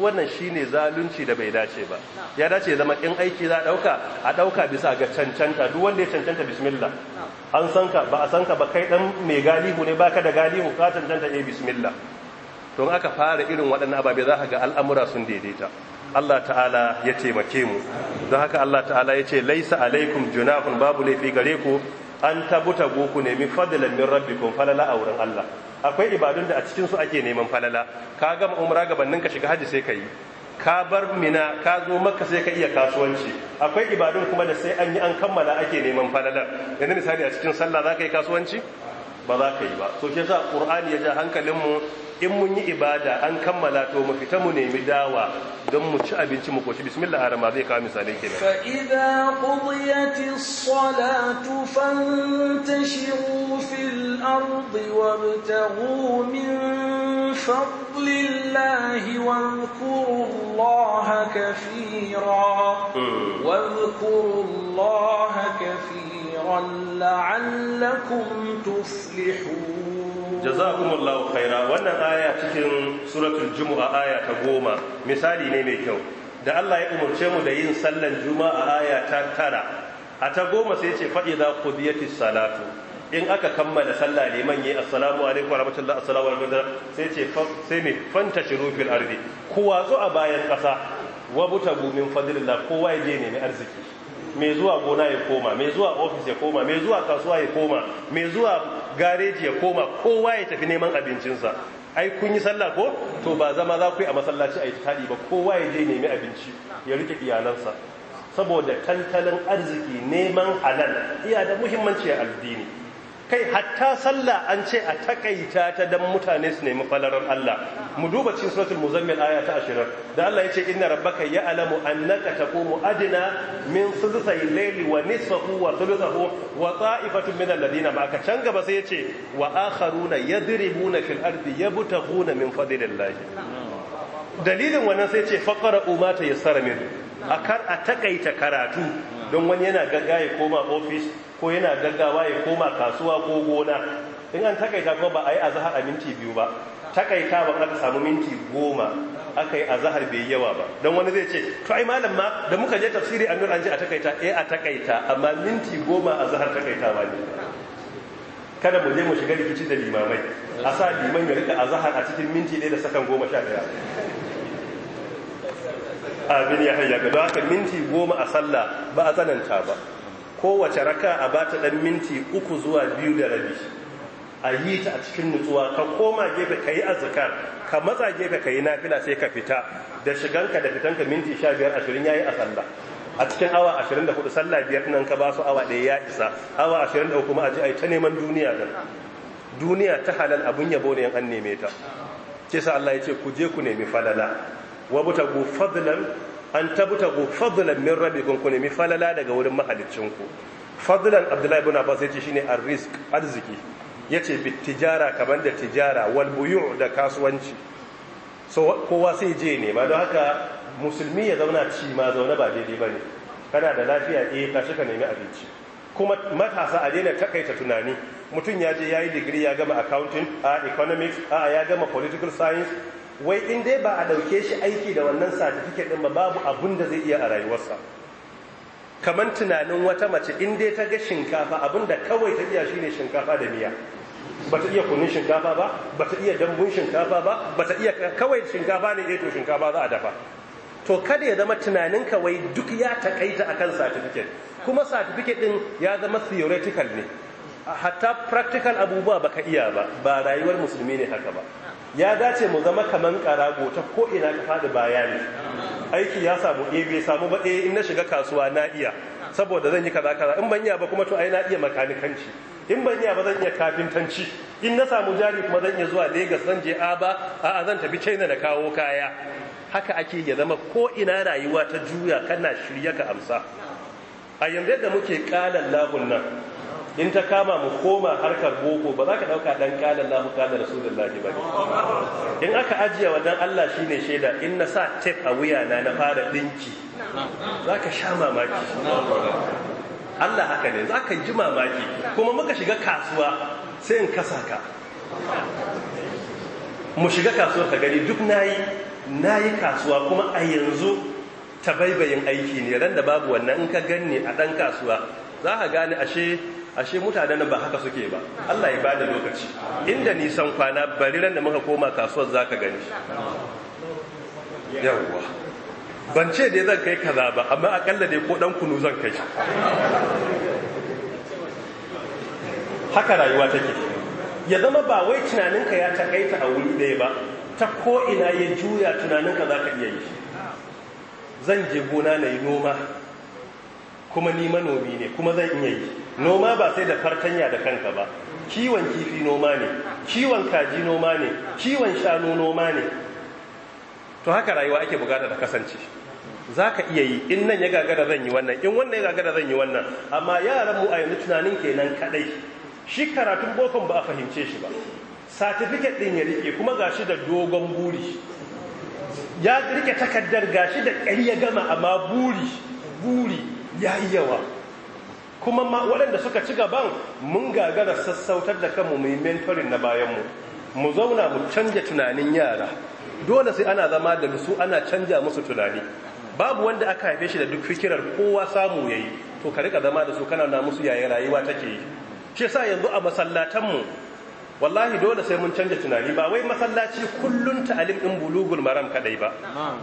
wannan shine zalunci da bai dace ba ya dace zama in aiki za dauka a dauka bisa ga cancanta duk wanda ya cancanta bismillah an san ba a san ka ba kai dan mai galihu ne baka da galihu ka cancanta eh bismillah to aka fara irin waɗannan ababe za ka ga al'amura sun daidaita Allah ta'ala ya taimake mu don haka Allah ta'ala ya ce laisa alaikum junahun babu laifi gare ku an tabuta ku nemi fadlan min rabbikum falala wurin Allah akwai ibadun da a cikin su ake neman falala ka gama umra gabanin ka shiga haji sai ka yi ka bar mina ka zo maka sai ka iya kasuwanci akwai ibadun kuma da sai an yi an kammala ake neman falala yanzu misali a cikin sallah za ka yi kasuwanci ba za ka yi ba so shi yasa qur'ani ya ja hankalinmu in mun yi ibada an kammala to mu fita mu nemi dawa don mu ci abinci mu koshi bismillah arama zai kawo misalai kenan fa idza qudiyatis salatu fantashiru fil ardi wabtaghu min fadlillahi wadhkurullaha kaseera wadhkurullaha kaseeran la'allakum tuflihun jazakumullahu khaira wannan aya cikin suratul jumu'a aya ta goma misali ne mai kyau da Allah ya umarce mu da yin sallan juma'a aya ta tara a ta goma sai ce fa idza qudiyatis salatu in aka kammala sallah liman yayi assalamu alaikum wa rahmatullahi assalamu alaikum sai ce sai me fanta shurufil ardi kuwa zo a bayan kasa wa butagu min fadlillah kowa ya je ne mai arziki mai zuwa gona ya koma mai zuwa ofis ya koma mai zuwa kasuwa ya koma mai zuwa gareji ya koma kowa ya tafi neman abincinsa ai kun yi sallah ko to ba zama za ku yi a masallaci a yi ba kowa ya je nemi abinci ya rike iyalansa saboda tantalin arziki neman halal iya da muhimmanci a addini kai hatta sallah an ce a takaita ta dan mutane su nemi falarar Allah mu duba cikin suratul muzammil aya ta 20 da Allah yace inna rabbaka ya'lamu annaka taqumu adna min thuluthay layli wa nisfahu wa thuluthahu wa ta'ifatun min alladhina ma'aka can gaba sai yace wa akharuna yadribuna fil ardi yabtaghuna min fadlillahi hmm. dalilin wannan sai yace faqara umata yassara min a kar a takaita karatu don wani yana gaggawa ya koma ofis ko yana gaggawa ya koma kasuwa ko gona in an takaita kuma ba a yi azahar a minti biyu ba takaita ba aka samu minti goma aka yi azahar bai yawa ba don wani zai ce to ai malam ma da muka je tafsiri an an ji a takaita eh a takaita amma minti goma azahar takaita ba ne kada mu je mu shiga rikici da limamai a sa liman ya rika azahar a cikin minti ɗaya da sakan goma sha ɗaya amin ya hayya ga haka minti goma a sallah ba a tsananta ba kowace raka a bata dan minti uku zuwa biyu da rabi a yi ta a cikin nutsuwa ka koma gefe ka yi azkar ka matsa gefe ka yi nafila sai ka fita da shiganka da fitanka minti 15 20 yayi a sallah a cikin awa 24 sallah biyar nan ka ba su awa ɗaya ya isa awa 23 kuma a ji ai ta neman duniya din duniya ta halal abun yabo ne an neme ta Kisa Allah ya ce ku je ku nemi falala wa butagu fadlan an tabtagu fadlan min rabbikum kun mifalala falala daga wurin mahaliccinku fadlan abdullahi ibn abbas yace shine arrizq arziki yace bit tijara kaman da tijara wal buyu' da kasuwanci so kowa sai je ne ma don haka musulmi ya zauna ci ma zauna ba daidai bane kana da lafiya eh ka ka nemi abinci kuma matasa a daina takaita tunani mutum ya je ya yi digiri ya gama accounting a economics a ya gama political science wai in dai ba a ɗauke shi aiki da wannan satifiket ɗin ba babu abun da zai iya a rayuwarsa kamar tunanin wata mace in dai ta ga shinkafa abin da kawai ta iya shine shinkafa da miya ba ta iya kunnin shinkafa ba ba ta iya dambun shinkafa ba ba ta iya kawai shinkafa ne eto eh shinkafa za a dafa to kada ya zama tunanin kawai duk ya takaita akan satifiket kuma satifiket ɗin ya zama theoretical ne hatta practical abubuwa baka iya ba ba rayuwar musulmi ne haka ba ya dace mu zama kaman karago ta ko ina ka faɗi bayani aiki ya samu ɗaya bai samu ba in na shiga kasuwa na iya saboda zan yi kaza kaza in ban iya ba kuma to ai na iya makanikanci in ban iya ba zan iya kafintanci in na samu jari kuma zan iya zuwa Lagos zan je Aba a'a zan tafi China da kawo kaya haka ake ya zama ko ina rayuwa ta juya kana shirya ka amsa a yanzu da muke kalan lahun nan in ta kama mu koma harkar boko ba za ka ɗauka ɗan ƙalar Allah da rasulun lahi ba in aka ajiye dan allah shine ne shaida in na sa tef a wuya na na fara ɗinki za ka sha mamaki allah haka ne za ka ji mamaki kuma muka shiga kasuwa sai in kasa ka mu shiga kasuwa ka gani duk nayi nayi kasuwa kuma a yanzu tabaibayin aiki ne randa babu wannan in ka ganni a ɗan kasuwa za ka gane ashe ashe mutanen ba haka suke ba Allah ya bada lokaci inda nisan kwana bari ran da muka koma kasuwar zaka gani yawwa ban ce dai zan kai kaza ba amma akalla dai ko dan kunu zan kai haka rayuwa take ya zama ba wai tunanin ka ya takaita a wuri ɗaya ba ta ko ina ya juya tunaninka za ka iya yi zan je gona na yi noma kuma ni manomi ne kuma zan iya yi noma ba sai da fartanya da kanka ba kiwon kifi noma ne kiwon kaji noma ne kiwon shanu noma ne to haka rayuwa ake bukata da kasance za ka iya yi in nan ya gagara zan yi wannan in wannan ya gagara zan yi wannan amma yaranmu a yanzu tunanin kenan kadai shi karatun bokon ba a fahimce shi ba satifiket din ya rike kuma gashi da dogon buri ya rike takardar gashi da ƙari ya gama amma buri buri ya yi yawa kuma waɗanda suka ci gaban mun gagara sassautar da kanmu mai mentorin na bayanmu mu zauna mu canja tunanin yara dole sai ana zama da su ana canja musu tunani babu wanda aka haife shi da duk fikirar kowa samu yayi to ka rika zama da su kana na musu yaya rayuwa take yi shi yanzu a masallatanmu wallahi dole sai mun canja tunani ba wai masallaci kullun ta'alim din bulugul maram kadai ba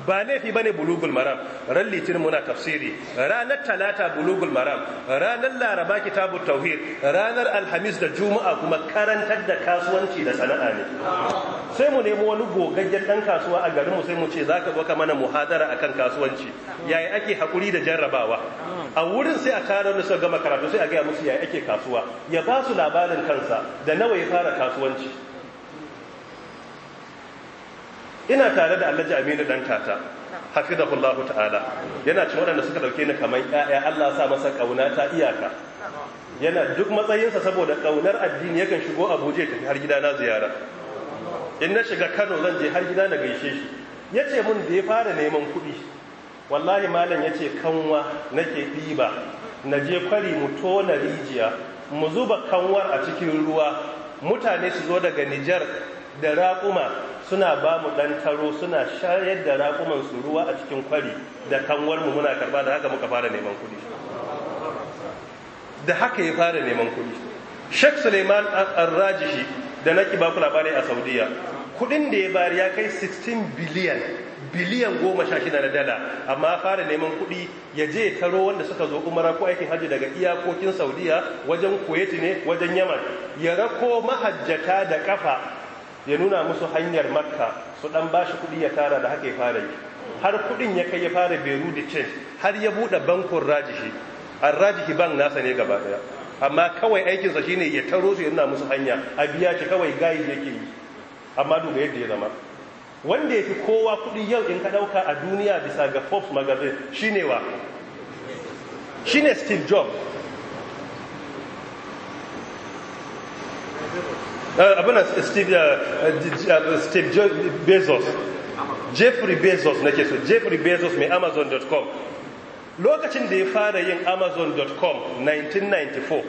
ba laifi bane bulugul maram ran litinin muna tafsiri ranar talata bulugul maram ranar laraba kitabut tauhid ranar alhamis da juma'a kuma karantar da kasuwanci da sana'a ne sai mu nemo wani gogaggen dan kasuwa a garinmu sai mu ce zaka zo ka mana muhadara akan kasuwanci yaya ake hakuri da jarrabawa a wurin sai a tara da su gama karatu sai a ga musu yaya ake kasuwa ya ba su labarin kansa da nawa ya fara kasuwanci ina tare da alhaji aminu dan tata hafizahullahu ta'ala yana cin waɗanda suka ɗauke ni kamar ƴaƴa Allah sa masa ƙauna ta iyaka yana duk matsayinsa saboda ƙaunar addini yakan shigo Abuja ya tafi har gida na ziyara in na shiga Kano zan je har gida na gaishe shi yace mun da ya fara neman kuɗi wallahi malam yace kanwa nake ɗiba na je kwari mu tona rijiya mu zuba kanwar a cikin ruwa mutane su zo daga Nijar da raƙuma suna ba mu ɗan taro suna shayar da raƙuman su ruwa a cikin kwari da kanwar mu muna karɓa, da haka muka fara neman kuɗi da haka ya fara neman kuɗi Sheikh Suleiman Arrajishi da nake ba ku labari a Saudiya kuɗin da ya bari ya kai 16 biliyan biliyan goma sha shida na dala amma fara neman kuɗi ya je taro wanda suka zo umara ko aikin hajji daga iyakokin saudiya wajen kuwait ne wajen yaman ya rako mahajjata da kafa ya nuna musu hanyar makka su dan bashi kuɗi ya tara da haka ya fara yi har kuɗin ya kai ya fara beru da cin har ya buɗe bankun rajihi an rajihi bank nasa ne gaba daya amma kawai aikinsa shine ya taro su ya nuna musu hanya a biya shi kawai gayi yake yi amma duba yadda ya zama wanda ya fi kowa kuɗi yau in ka ɗauka a duniya bisa ga forbes magazine shine wa shine steve jobs eh, abin steve eh, eh, bezos jeffrey bezos na so jeffrey bezos mai amazon.com lokacin da ya fara yin amazon.com 1994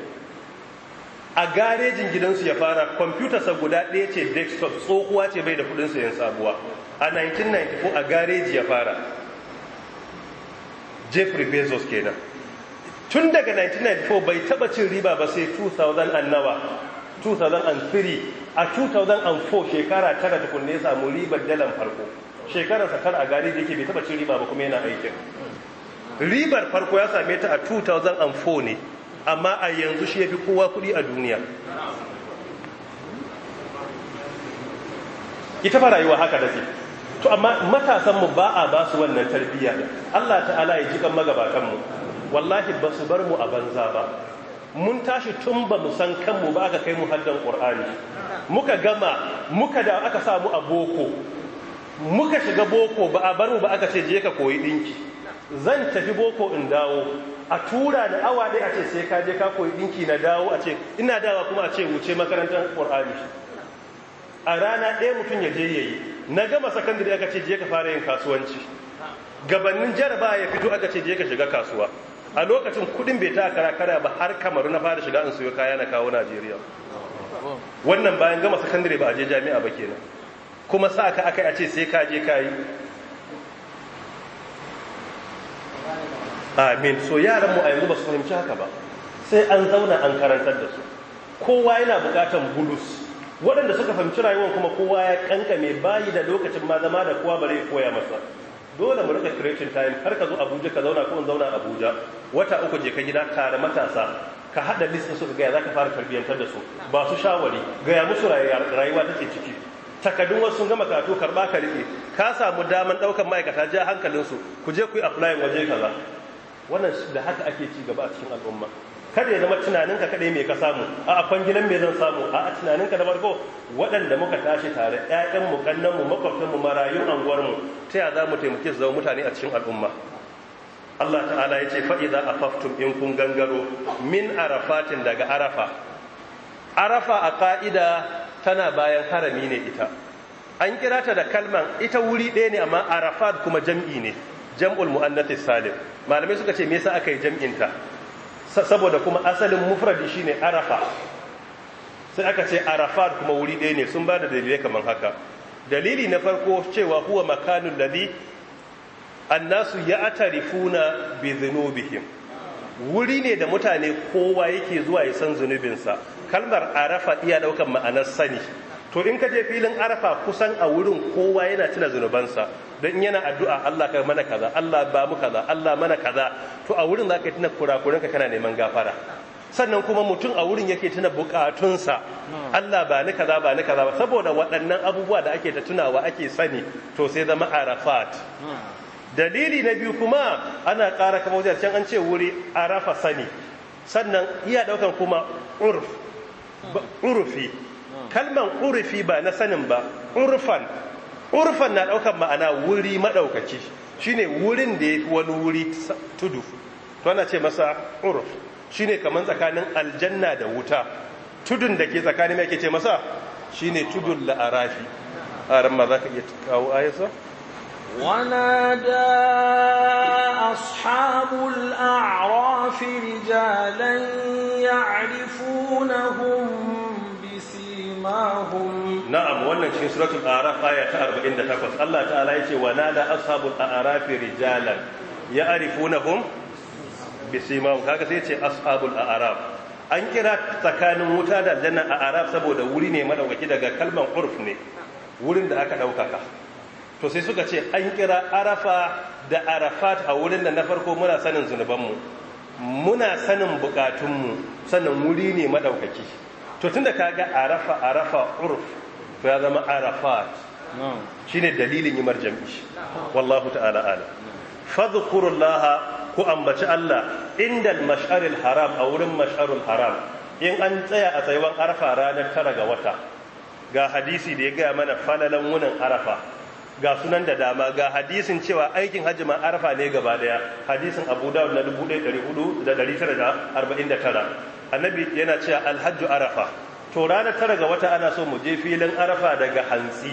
a garejin gidansu ya fara kwamfutarsa guda ɗaya ce desktop tsohuwa ce bai da kudin sayan sabuwa a 1994 a gareji ya fara jeffrey bezos kenan tun daga 1994 bai taba cin riba ba sai 2000 2003 a 2004 shekara tara da kunne samu ribar dalan farko shekarar tara a gareji yake bai taba cin riba ba kuma yana aikin ribar farko ya same ta a 2004 ne amma a yanzu shi ya fi kowa kuɗi a duniya ita yi rayuwa haka da to amma matasan mu ba a ba su wannan tarbiyya Allah ta'ala ya ji kan magabatan mu wallahi ba su bar mu a banza ba mun tashi tun ba mu san kanmu ba aka kai mu haddan qur'ani muka gama muka da aka sa mu a boko muka shiga boko ba a bar mu ba aka ce je ka koyi ɗinki. zan tafi boko in dawo a tura da awa dai a ce sai ka je ka koyi dinki na dawo a ce ina dawa kuma a ce wuce makarantar qur'ani a rana ɗaya mutum ya je ya yi. na gama sakandare aka ce je ka fara yin kasuwanci gabanin jaraba ya fito aka ce je ka shiga kasuwa a lokacin kuɗin bai ta karakara ba har kamaru na fara shiga in sayo kaya na kawo najeriya wannan bayan gama sakandare ba a je jami'a ba kenan kuma sa ka aka a ce sai ka je ka yi amin so yaran mu a yanzu ba su fahimci haka ba sai an zauna an karantar da su kowa yana bukatan bulus waɗanda suka fahimci rayuwar kuma kowa ya kankame bayi da lokacin ma zama da kowa bare koya masa dole mu rika creating time har ka zo Abuja ka zauna ko in zauna Abuja wata uku je ka gida tare matasa ka hada list su ga za ka fara tarbiyantar da su ba su shawari gaya musu rayuwa take ciki takardun wasu sun gama karatu karba ka rike ka samu daman ɗaukar ma'aikata ja hankalin su ku je ku yi applying waje kaza wannan da haka ake ci gaba a cikin al'umma kada ya zama tunaninka kadai me ka samu a akwai gidan me zan samu a tunaninka na farko waɗanda muka tashi tare ƴaƴan mu kannan mu makwabtan mu marayun anguwar mu ta ya zamu taimake su zama mutane a cikin al'umma Allah ta'ala ya ce fa idza afaftum in kun gangaro min arafatin daga arafa arafa a ka'ida tana bayan harami ne ita an kira da kalman ita wuri ɗaya ne amma arafat kuma jam'i ne jam'ul mu'annatis salim malamai suka ce me yasa aka yi jam'in ta saboda kuma asalin mufradi shine arafa sai aka ce arafa kuma wuri ɗaya ne sun ba da dalilai kamar haka dalili na farko cewa huwa makanin ladhi annasu ya'tarifuna bi dhunubihim wuri ne da mutane kowa yake zuwa ya san zunubinsa kalmar arafa iya daukan ma'anar sani to in ka je filin arafa kusan a wurin kowa yana tuna zunubansa don yana addu'a Allah ka mana kaza Allah ba mu kaza Allah mana kaza to a wurin za ka tuna kurakuran ka kana neman gafara sannan kuma mutum a wurin yake tuna bukatunsa Allah ba ni kaza ba ni kaza ba saboda waɗannan abubuwa da ake ta tunawa ake sani to sai zama arafat dalili na biyu kuma ana ƙara kama wajen can an ce wuri arafa sani sannan iya ɗaukan kuma urf urufi kalman urufi ba na sanin ba urfan urfan na ɗaukan ma'ana wuri maɗaukaci, shine wurin da ya fi wani wuri tudu to ana ce masa urf shine kamar tsakanin aljanna da wuta tudun da ke tsakanin mai ce masa shine tudun la'arafi a ran ma za ka iya kawo ayasa ونادى أصحاب الأعراف رجالا يعرفونهم Na'am, wannan cikin suratul a'raf aya ta 48 Allah ta'ala yace wa nada ashabul a'raf rijalan ya'rifunahum bisimahum kaga sai yace ashabul a'raf an kira tsakanin wuta da aljanna a'raf saboda wuri ne madaukaki daga kalman urf ne wurin da aka ɗaukaka. to sai suka ce an kira arafa da arafat a wurin da na farko muna sanin zunubanmu muna sanin bukatunmu sannan wuri ne madaukaki to tunda kaga arafa arafa urf to ya zama arafat shine dalilin yimar jam'i wallahu ta'ala ala fadhkurullaha ku ambaci Allah indal mash'aril haram a wurin mash'arul haram in an tsaya a tsayuwar arafa ranar tara ga wata ga hadisi da ya gaya mana falalan wunin arafa ga sunan da dama ga hadisin cewa aikin hajji ma arafa ne gaba daya hadisin abu dawud na 1449 annabi yana cewa alhajju arafa to ranar tara ga wata ana so mu je filin arafa daga hansi,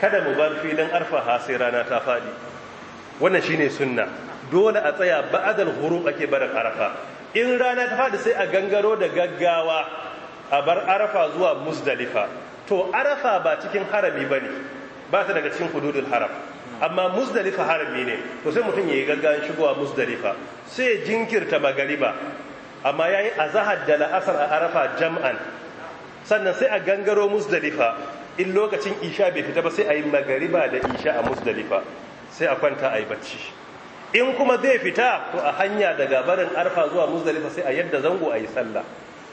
kada mu bar filin arafa ha sai rana ta faɗi wannan shine sunna dole a tsaya ba'adal ghurub ake barin arafa in rana ta faɗi sai a gangaro da gaggawa a bar arafa zuwa muzdalifa to arafa ba cikin harami bane ba ta daga cikin hududul haram amma muzdalifa harami ne to sai mutum yayi gaggawa shigowa muzdalifa sai jinkirta magariba amma yayi zahar da la'asar a arafa jam'an sannan sai a gangaro musdalifa in lokacin isha bai fita ba sai a yi magariba da isha a musdalifa sai a kwanta a yi bacci in kuma zai fita to a hanya daga barin arfa zuwa musdalifa sai a yadda zango a yi sallah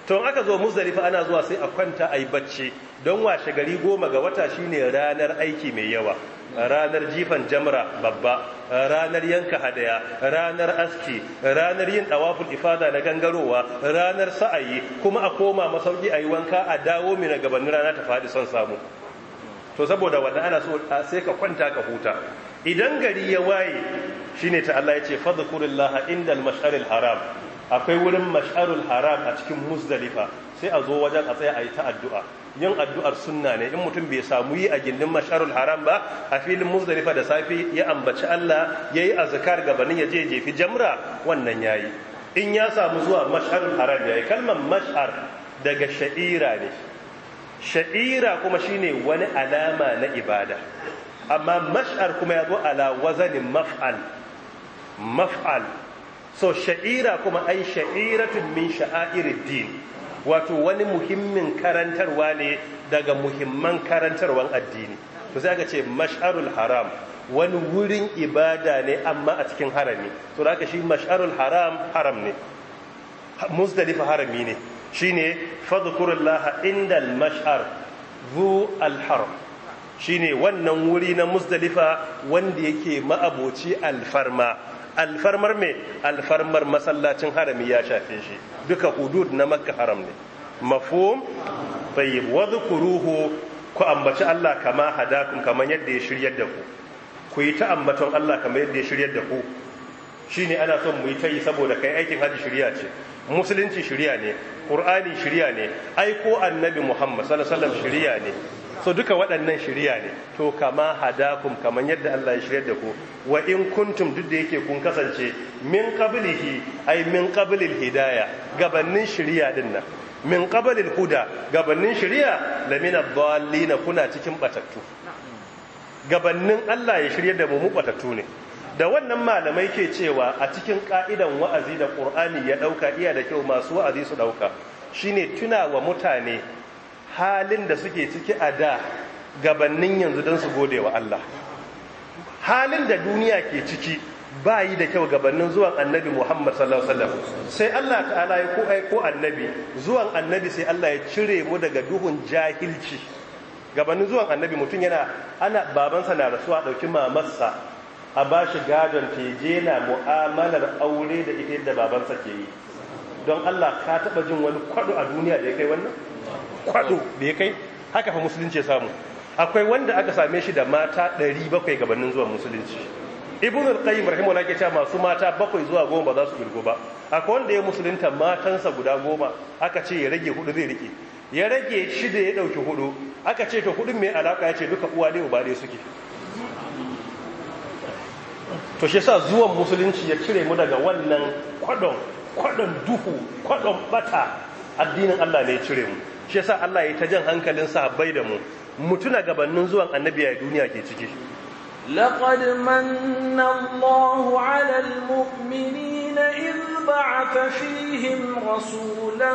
to aka zo muzdalifa ana zuwa sai a kwanta a bacci don washe gari goma ga wata shine ranar aiki mai yawa ranar jifan jamra babba ranar yanka hadaya ranar aski ranar yin dawaful ifada na gangarowa ranar sa'ayi kuma a koma masauki a yi wanka a dawo mai na gabanin rana ta faɗi son samu to saboda wannan ana so sai ka kwanta ka huta idan gari ya waye shine ta Allah ya ce indal mash'aril haram akwai wurin mash'arul haram a cikin muzdalifa sai a zo wajen a tsaye a yi ta addu'a yin addu'ar sunna ne in mutum bai samu yi a gindin mash'arul haram ba a filin muzdalifa da safe ya ambaci Allah ya yi a azkar gabanin ya je jefi jamra wannan ya yi in ya samu zuwa mash'arul haram ya yi kalmar mash'ar daga sha'ira ne sha'ira kuma shine wani alama na ibada amma mash'ar kuma ya zo ala wazanin maf'al maf'al so sha'ira kuma ai sha'iratun min sha'airid din wato wani muhimmin karantarwa ne daga muhimman karantarwan addini to sai aka ce mash'arul haram wani wurin ibada ne amma a cikin harami to da aka shi mash'arul haram haram ne muzdalifa harami ne shine fadhkurullaha indal mash'ar zu al-haram shine wannan wuri na muzdalifa wanda yake ma'aboci alfarma alfarmar mai, alfarmar masallacin harami ya shafe shi duka hudud na makka haram ne bai tayyib wa ruhu ku ambaci Allah kama hadakun kaman yadda ya shiryar da ku ku yi ta ambaton Allah kamar yadda ya shiryar da ku Shi ne ana son mu yi ta yi saboda kai aikin haji shirya ce musulunci shirya ne ƙur'ani shirya ne aiko annabi muhammad sallallahu alaihi shirya ne so duka waɗannan shirya ne to kama hadakum kaman yadda Allah ya shirya da ku wa in kuntum duk da yake kun kasance min qablihi ay min qablil hidaya gabannin shirya din nan min qablil huda gabannin shirya lamina dhallina kuna cikin batattu gabannin Allah ya shirya da mu mu ne da wannan malamai ke cewa a cikin ka'idan wa'azi da Qur'ani ya ɗauka iya da kyau masu wa'azi su dauka shine tuna wa mutane halin da suke ciki a da gabannin yanzu don su gode wa Allah halin da duniya ke ciki bayi da kyau gabanin zuwan annabi Muhammad sallallahu alaihi wasallam sai Allah ta'ala ya ko aiko annabi zuwan annabi sai Allah ya cire mu daga duhun jahilci gabanin zuwan annabi mutum yana ana babansa na rasuwa dauki mamarsa a bashi gadon tejena mu'amalar aure da ita yadda babansa ke yi don Allah ka taba jin wani kwado a duniya da ya kai wannan kwado bai kai haka fa musulunci ya samu akwai wanda aka same shi da mata 700 gabanin zuwa musulunci ibn al-qayyim rahimahullah cewa masu mata bakwai zuwa goma ba za su girgo ba akwai wanda ya musulunta matansa guda goma aka ce ya rage hudu zai rike ya rage shida ya dauki hudu aka ce to hudun mai alaka ya ce duka uwa ne uba ne suke to shi yasa zuwan musulunci ya cire mu daga wannan kwadon kwadon duhu kwadon bata addinin Allah ne ya cire mu shi yasa Allah ya ta jan hankalin sahabbai da mu mutuna gabanin zuwan annabi ya duniya ke ciki لقد من الله على المؤمنين إذ بعث فيهم رسولا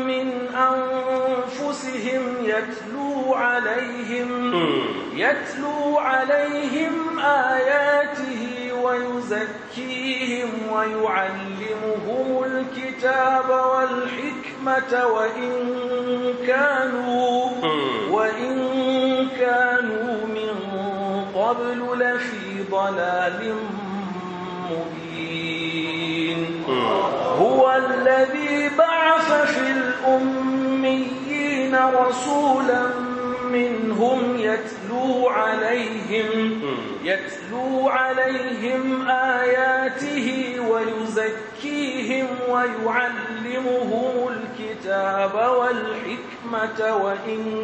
من أنفسهم يتلو عليهم يتلو عليهم آياته ويزكيهم ويعلمهم الكتاب والحكمة وإن كانوا وإن كانوا من قبل لفي ضلال مبين هو الذي بعث في الأميين رسولا منهم يتلو عليهم يتلو عليهم آياته ويزكيهم ويعلمهم الكتاب والحكمة وإن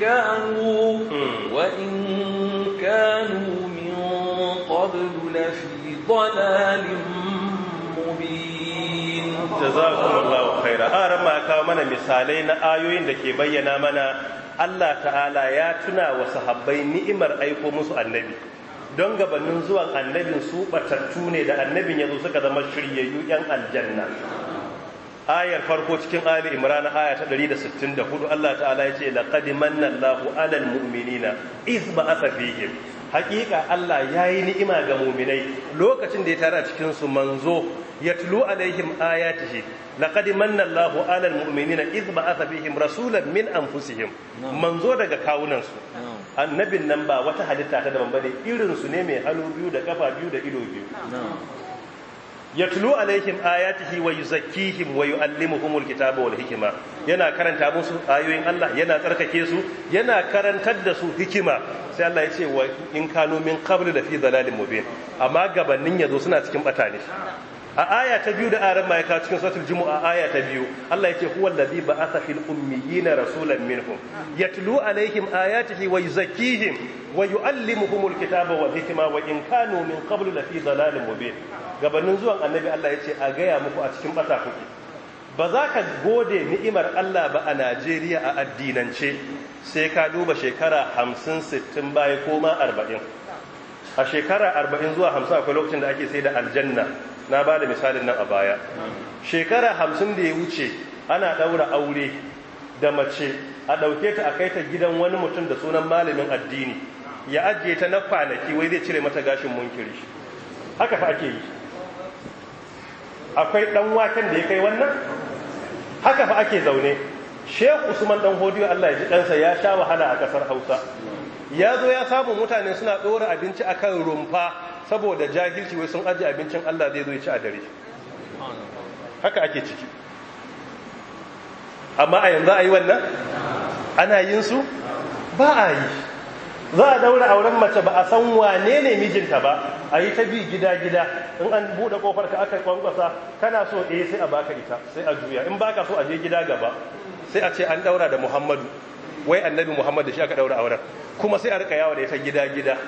كانوا وإن كانوا من قبل لفي ضلال mubin jazakumullahu khaira aran ma mana misalai na ayoyin da ke bayyana mana Allah ta'ala ya tuna wa sahabbai ni'imar aiko musu annabi don gabanin zuwan annabin su batattu ne da annabin zo suka zama shiryayyu yan aljanna ayar farko cikin ali imran aya ta 164 Allah ta'ala ya ce laqad manna Allahu 'alal mu'minina iz ba'atha fihim haqiqa Allah yayi ni'ima ga mu'minai lokacin da ya tara cikin su manzo yatlu alaihim ayatihi laqad manna Allahu alal mu'minina id ba'atha bihim rasulan min anfusihim manzo daga kawunan su annabin nan ba wata halitta ta daban bane irin su ne mai halu biyu da kafa biyu da ido biyu yatlu alaihim ayatihi wa yuzakkihim wa yuallimuhum alkitaba wal hikma yana karanta musu ayoyin Allah yana tsarkake su yana karantar da su hikima sai Allah ya ce wa in kanu min qabl da fi dhalalin mubin amma gabanin yazo suna cikin batani. a aya ta biyu da aran ma ya kawo cikin suratul jumu'a aya ta biyu Allah ya yake huwa allazi ba'atha fil ummiyina rasulan minhum yatlu alaihim ayatihi wa yuzakkihim wa yuallimuhumul kitaba wal hikma wa in kanu min qablu lafi dhalalin mubin gabanin zuwan annabi Allah ya ce a gaya muku a cikin bata kuke ba za ka gode ni'imar Allah ba a Najeriya a addinance sai ka duba shekara 50 60 baya ko ma 40 a shekara arba'in zuwa 50 akwai lokacin da ake sai da aljanna na ba da misalin nan a baya shekara hamsin da ya wuce ana ɗaura aure da mace a ɗauke ta a kaita gidan wani mutum da sunan malamin addini ya ajiye ta na kwanaki wai zai cire mata gashin munkiri haka fa ake yi akwai ɗan waken da ya kai wannan haka fa ake zaune shehu usman ɗan hodiyo Allah ya ji ɗansa ya sha wahala a ƙasar hausa ya zo ya samu mutane suna ɗora abinci akan rumfa saboda jahilci wai sun ajiye abincin Allah zai zo ya ci a dare haka ake ciki amma a yanzu a yi wannan ana yin su ba a yi za a daura auren mace ba a san wane ne mijinta ba a yi ta bi gida-gida in an buɗe ƙofar ka aka kwankwasa kana so eh sai a baka ita sai a juya in baka so a je gida gaba sai a ce an daura da muhammadu wai annabi muhammad da shi aka daura auren kuma sai a rika yawo da ita gida gida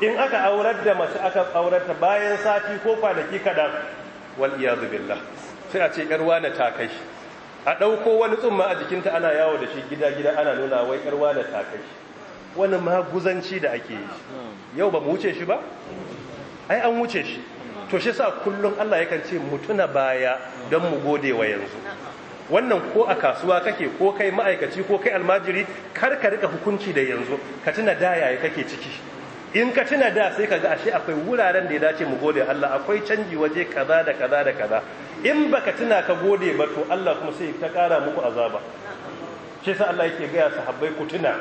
in aka aurar da mace aka aurar ta bayan sati ko kwanaki kaɗan wal iyadu billah sai a ce yar ta kai a ɗauko wani tsumma a jikinta ana yawo da shi gida gida ana nuna wai yar wane ta kai wani maguzanci da ake yi yau ba mu wuce shi ba ai an wuce shi to shi sa kullum Allah yakan ce mu tuna baya don mu gode wa yanzu wannan ko a kasuwa kake ko kai ma'aikaci ko kai almajiri kar ka rika hukunci da yanzu ka tuna da yaya kake ciki in ka tuna da sai ka ga ashe akwai wuraren da ya dace mu gode Allah akwai canji waje kaza da kaza da kaza in baka tuna ka gode ba to Allah kuma sai ta kara muku azaba shi yasa Allah yake ga sahabbai ku tuna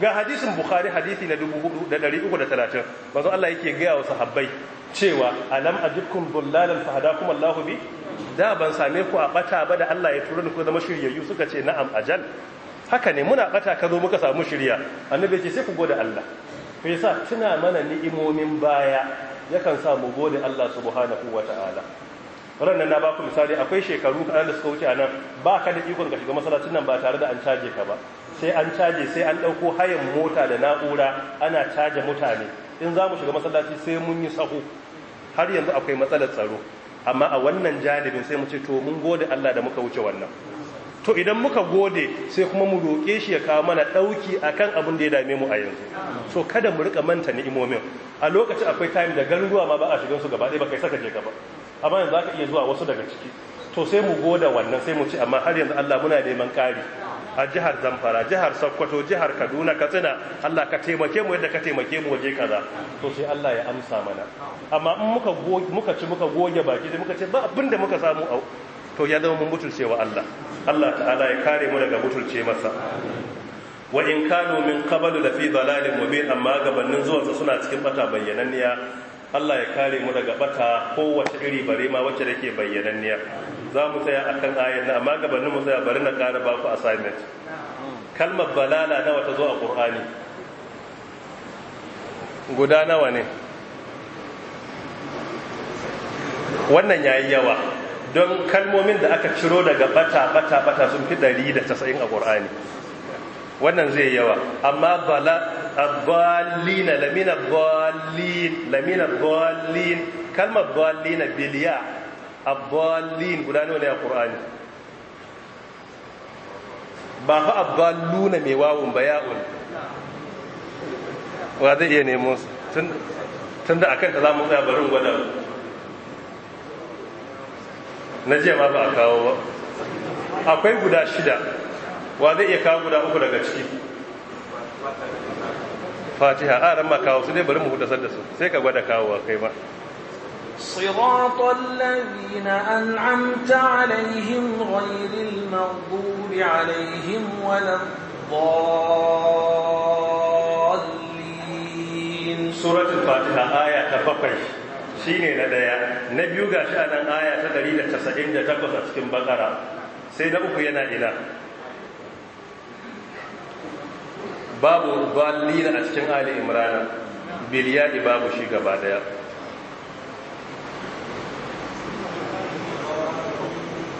ga hadisin bukhari hadisi na 4330 manzo Allah yake ga wa sahabbai cewa alam ajibkum dullalan fahadakum Allahu bi da ban same ku a bata ba da Allah ya turo ku zama shiryayyu suka ce na'am ajal haka ne muna bata ka zo muka samu shirya annabi ce sai ku gode Allah to yasa tuna mana ni'imomin baya yakan sa mu gode Allah subhanahu wata'ala Wannan na baku misali akwai shekaru kaɗan da suka wuce a ba ka da ikon ka shiga masallacin nan ba tare da an caje ka ba sai an caje sai an ɗauko hayan mota da na'ura ana caje mutane in za mu shiga masallaci sai mun yi sahu har yanzu akwai matsalar tsaro amma a wannan janibin sai mu ce to mun gode Allah da muka wuce wannan to idan muka gode sai kuma mu roke shi ya kawo mana ɗauki akan abin da ya dame mu a yanzu so kada mu rika manta ni'imomin a lokacin akwai time da garuruwa ma ba a shigan su gaba ɗaya ba kai saka je gaba amma yanzu aka iya zuwa wasu daga ciki to sai mu gode wannan sai mu ce amma har yanzu Allah muna neman ƙari a jihar zamfara jihar sokoto jihar kaduna katsina allah ka taimake mu yadda ka taimake mu waje kaza to sai allah ya amsa mana amma in muka ci muka goge baki sai muka ce ba abin da muka samu a to ya zama mun mutulce wa allah allah ta'ala ya kare mu daga mutunce masa wa in kanu min qablu la fi dalalin mubin amma gabanin zuwansa suna cikin bata bayyananniya Allah ya kare mu daga bata kowace iri barema ma wacce take bayyananniya za mu tsaya a kan ayyana amma gabanin mu tsaya bari na ƙara ba ku assignment kalmar balala nawa ta zo a ƙur'ani guda nawa ne wannan ya yi yawa don kalmomin da aka ciro daga bata bata bata sun fi 190 a Qur'ani wannan zai yawa amma bala adallin lamina dallin lamina dallin kalmar dallin biliya abbalin guda nawa ne a qur'ani ba fa abbaluna mai wawun ba wa zai iya nemo su tun da akan ta za mu tsaya barin gwada na jiya ma ba a kawo ba akwai guda shida wa zai iya kawo guda uku daga ciki fatiha a ran ma kawo su dai bari mu hudasar da su sai ka gwada kawo kai ba. صراط الذين أنعمت عليهم غير المغضوب عليهم ولا الضالين سورة الفاتحة آية تبقي shine na daya na biyu ga shi anan aya ta 198 a cikin bakara sai na uku yana ina babu balina a cikin ali imrana biliyadi babu shi gaba ɗaya.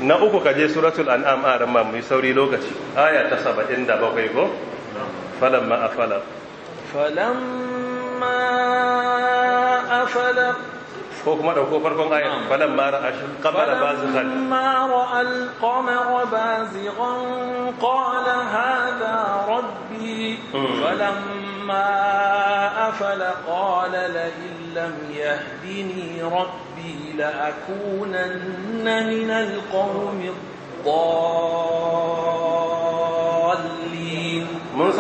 na uku ka je suratul an'am a ran mu sauri lokaci aya ta 77 ko falamma afala falamma afala ko kuma dauko farkon aya falamma ra'a qamara bazighan ma ra'a al-qamara bazighan qala hadha rabbi hmm. falamma afala qala la illam yahdini rabbi ربي لأكونن من القوم الضالين من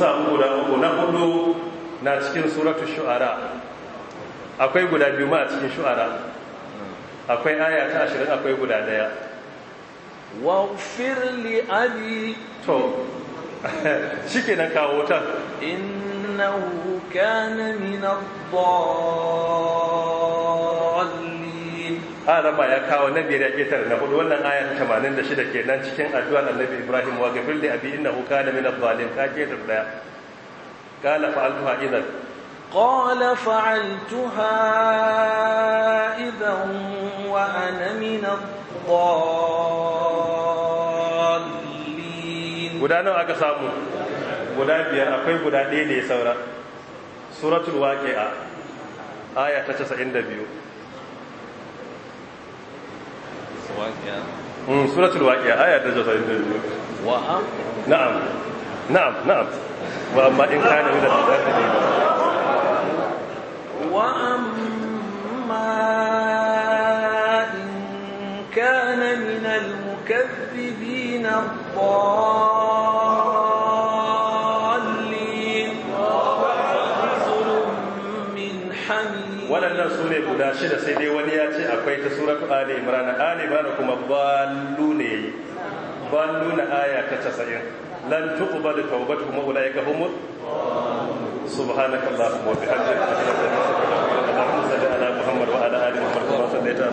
سامو na cikin suratu shu'ara akwai guda biyu ma a cikin shu'ara akwai aya ta ashirin akwai guda daya waghfir li abi to shikenan kawo ta in إنه كان من الضالين هذا ما يكاو نبي رأيتر نقول ولا آية 86 kenan cikin addu'ar Annabi Ibrahim wa gabil li abi innahu kana min adh-dhalin ka ce da daya idan قال فعلتها إذا وأنا من الضالين aka samu guda biyar akwai guda ɗaya da ya saura suratul waqi'a aya ta 92 امم سوره الواقعه ايه 92 وهم نعم نعم نعم واما ان كان من الكافرين واما ان كان من المكذبين الضالين shida sai dai wani ya ce akwai ta suratu ali imran ali imran kuma ballu ne ballu na aya ta 90 lan tuqbalu tawbatuhum ulaika hum subhanakallahumma wa bihamdika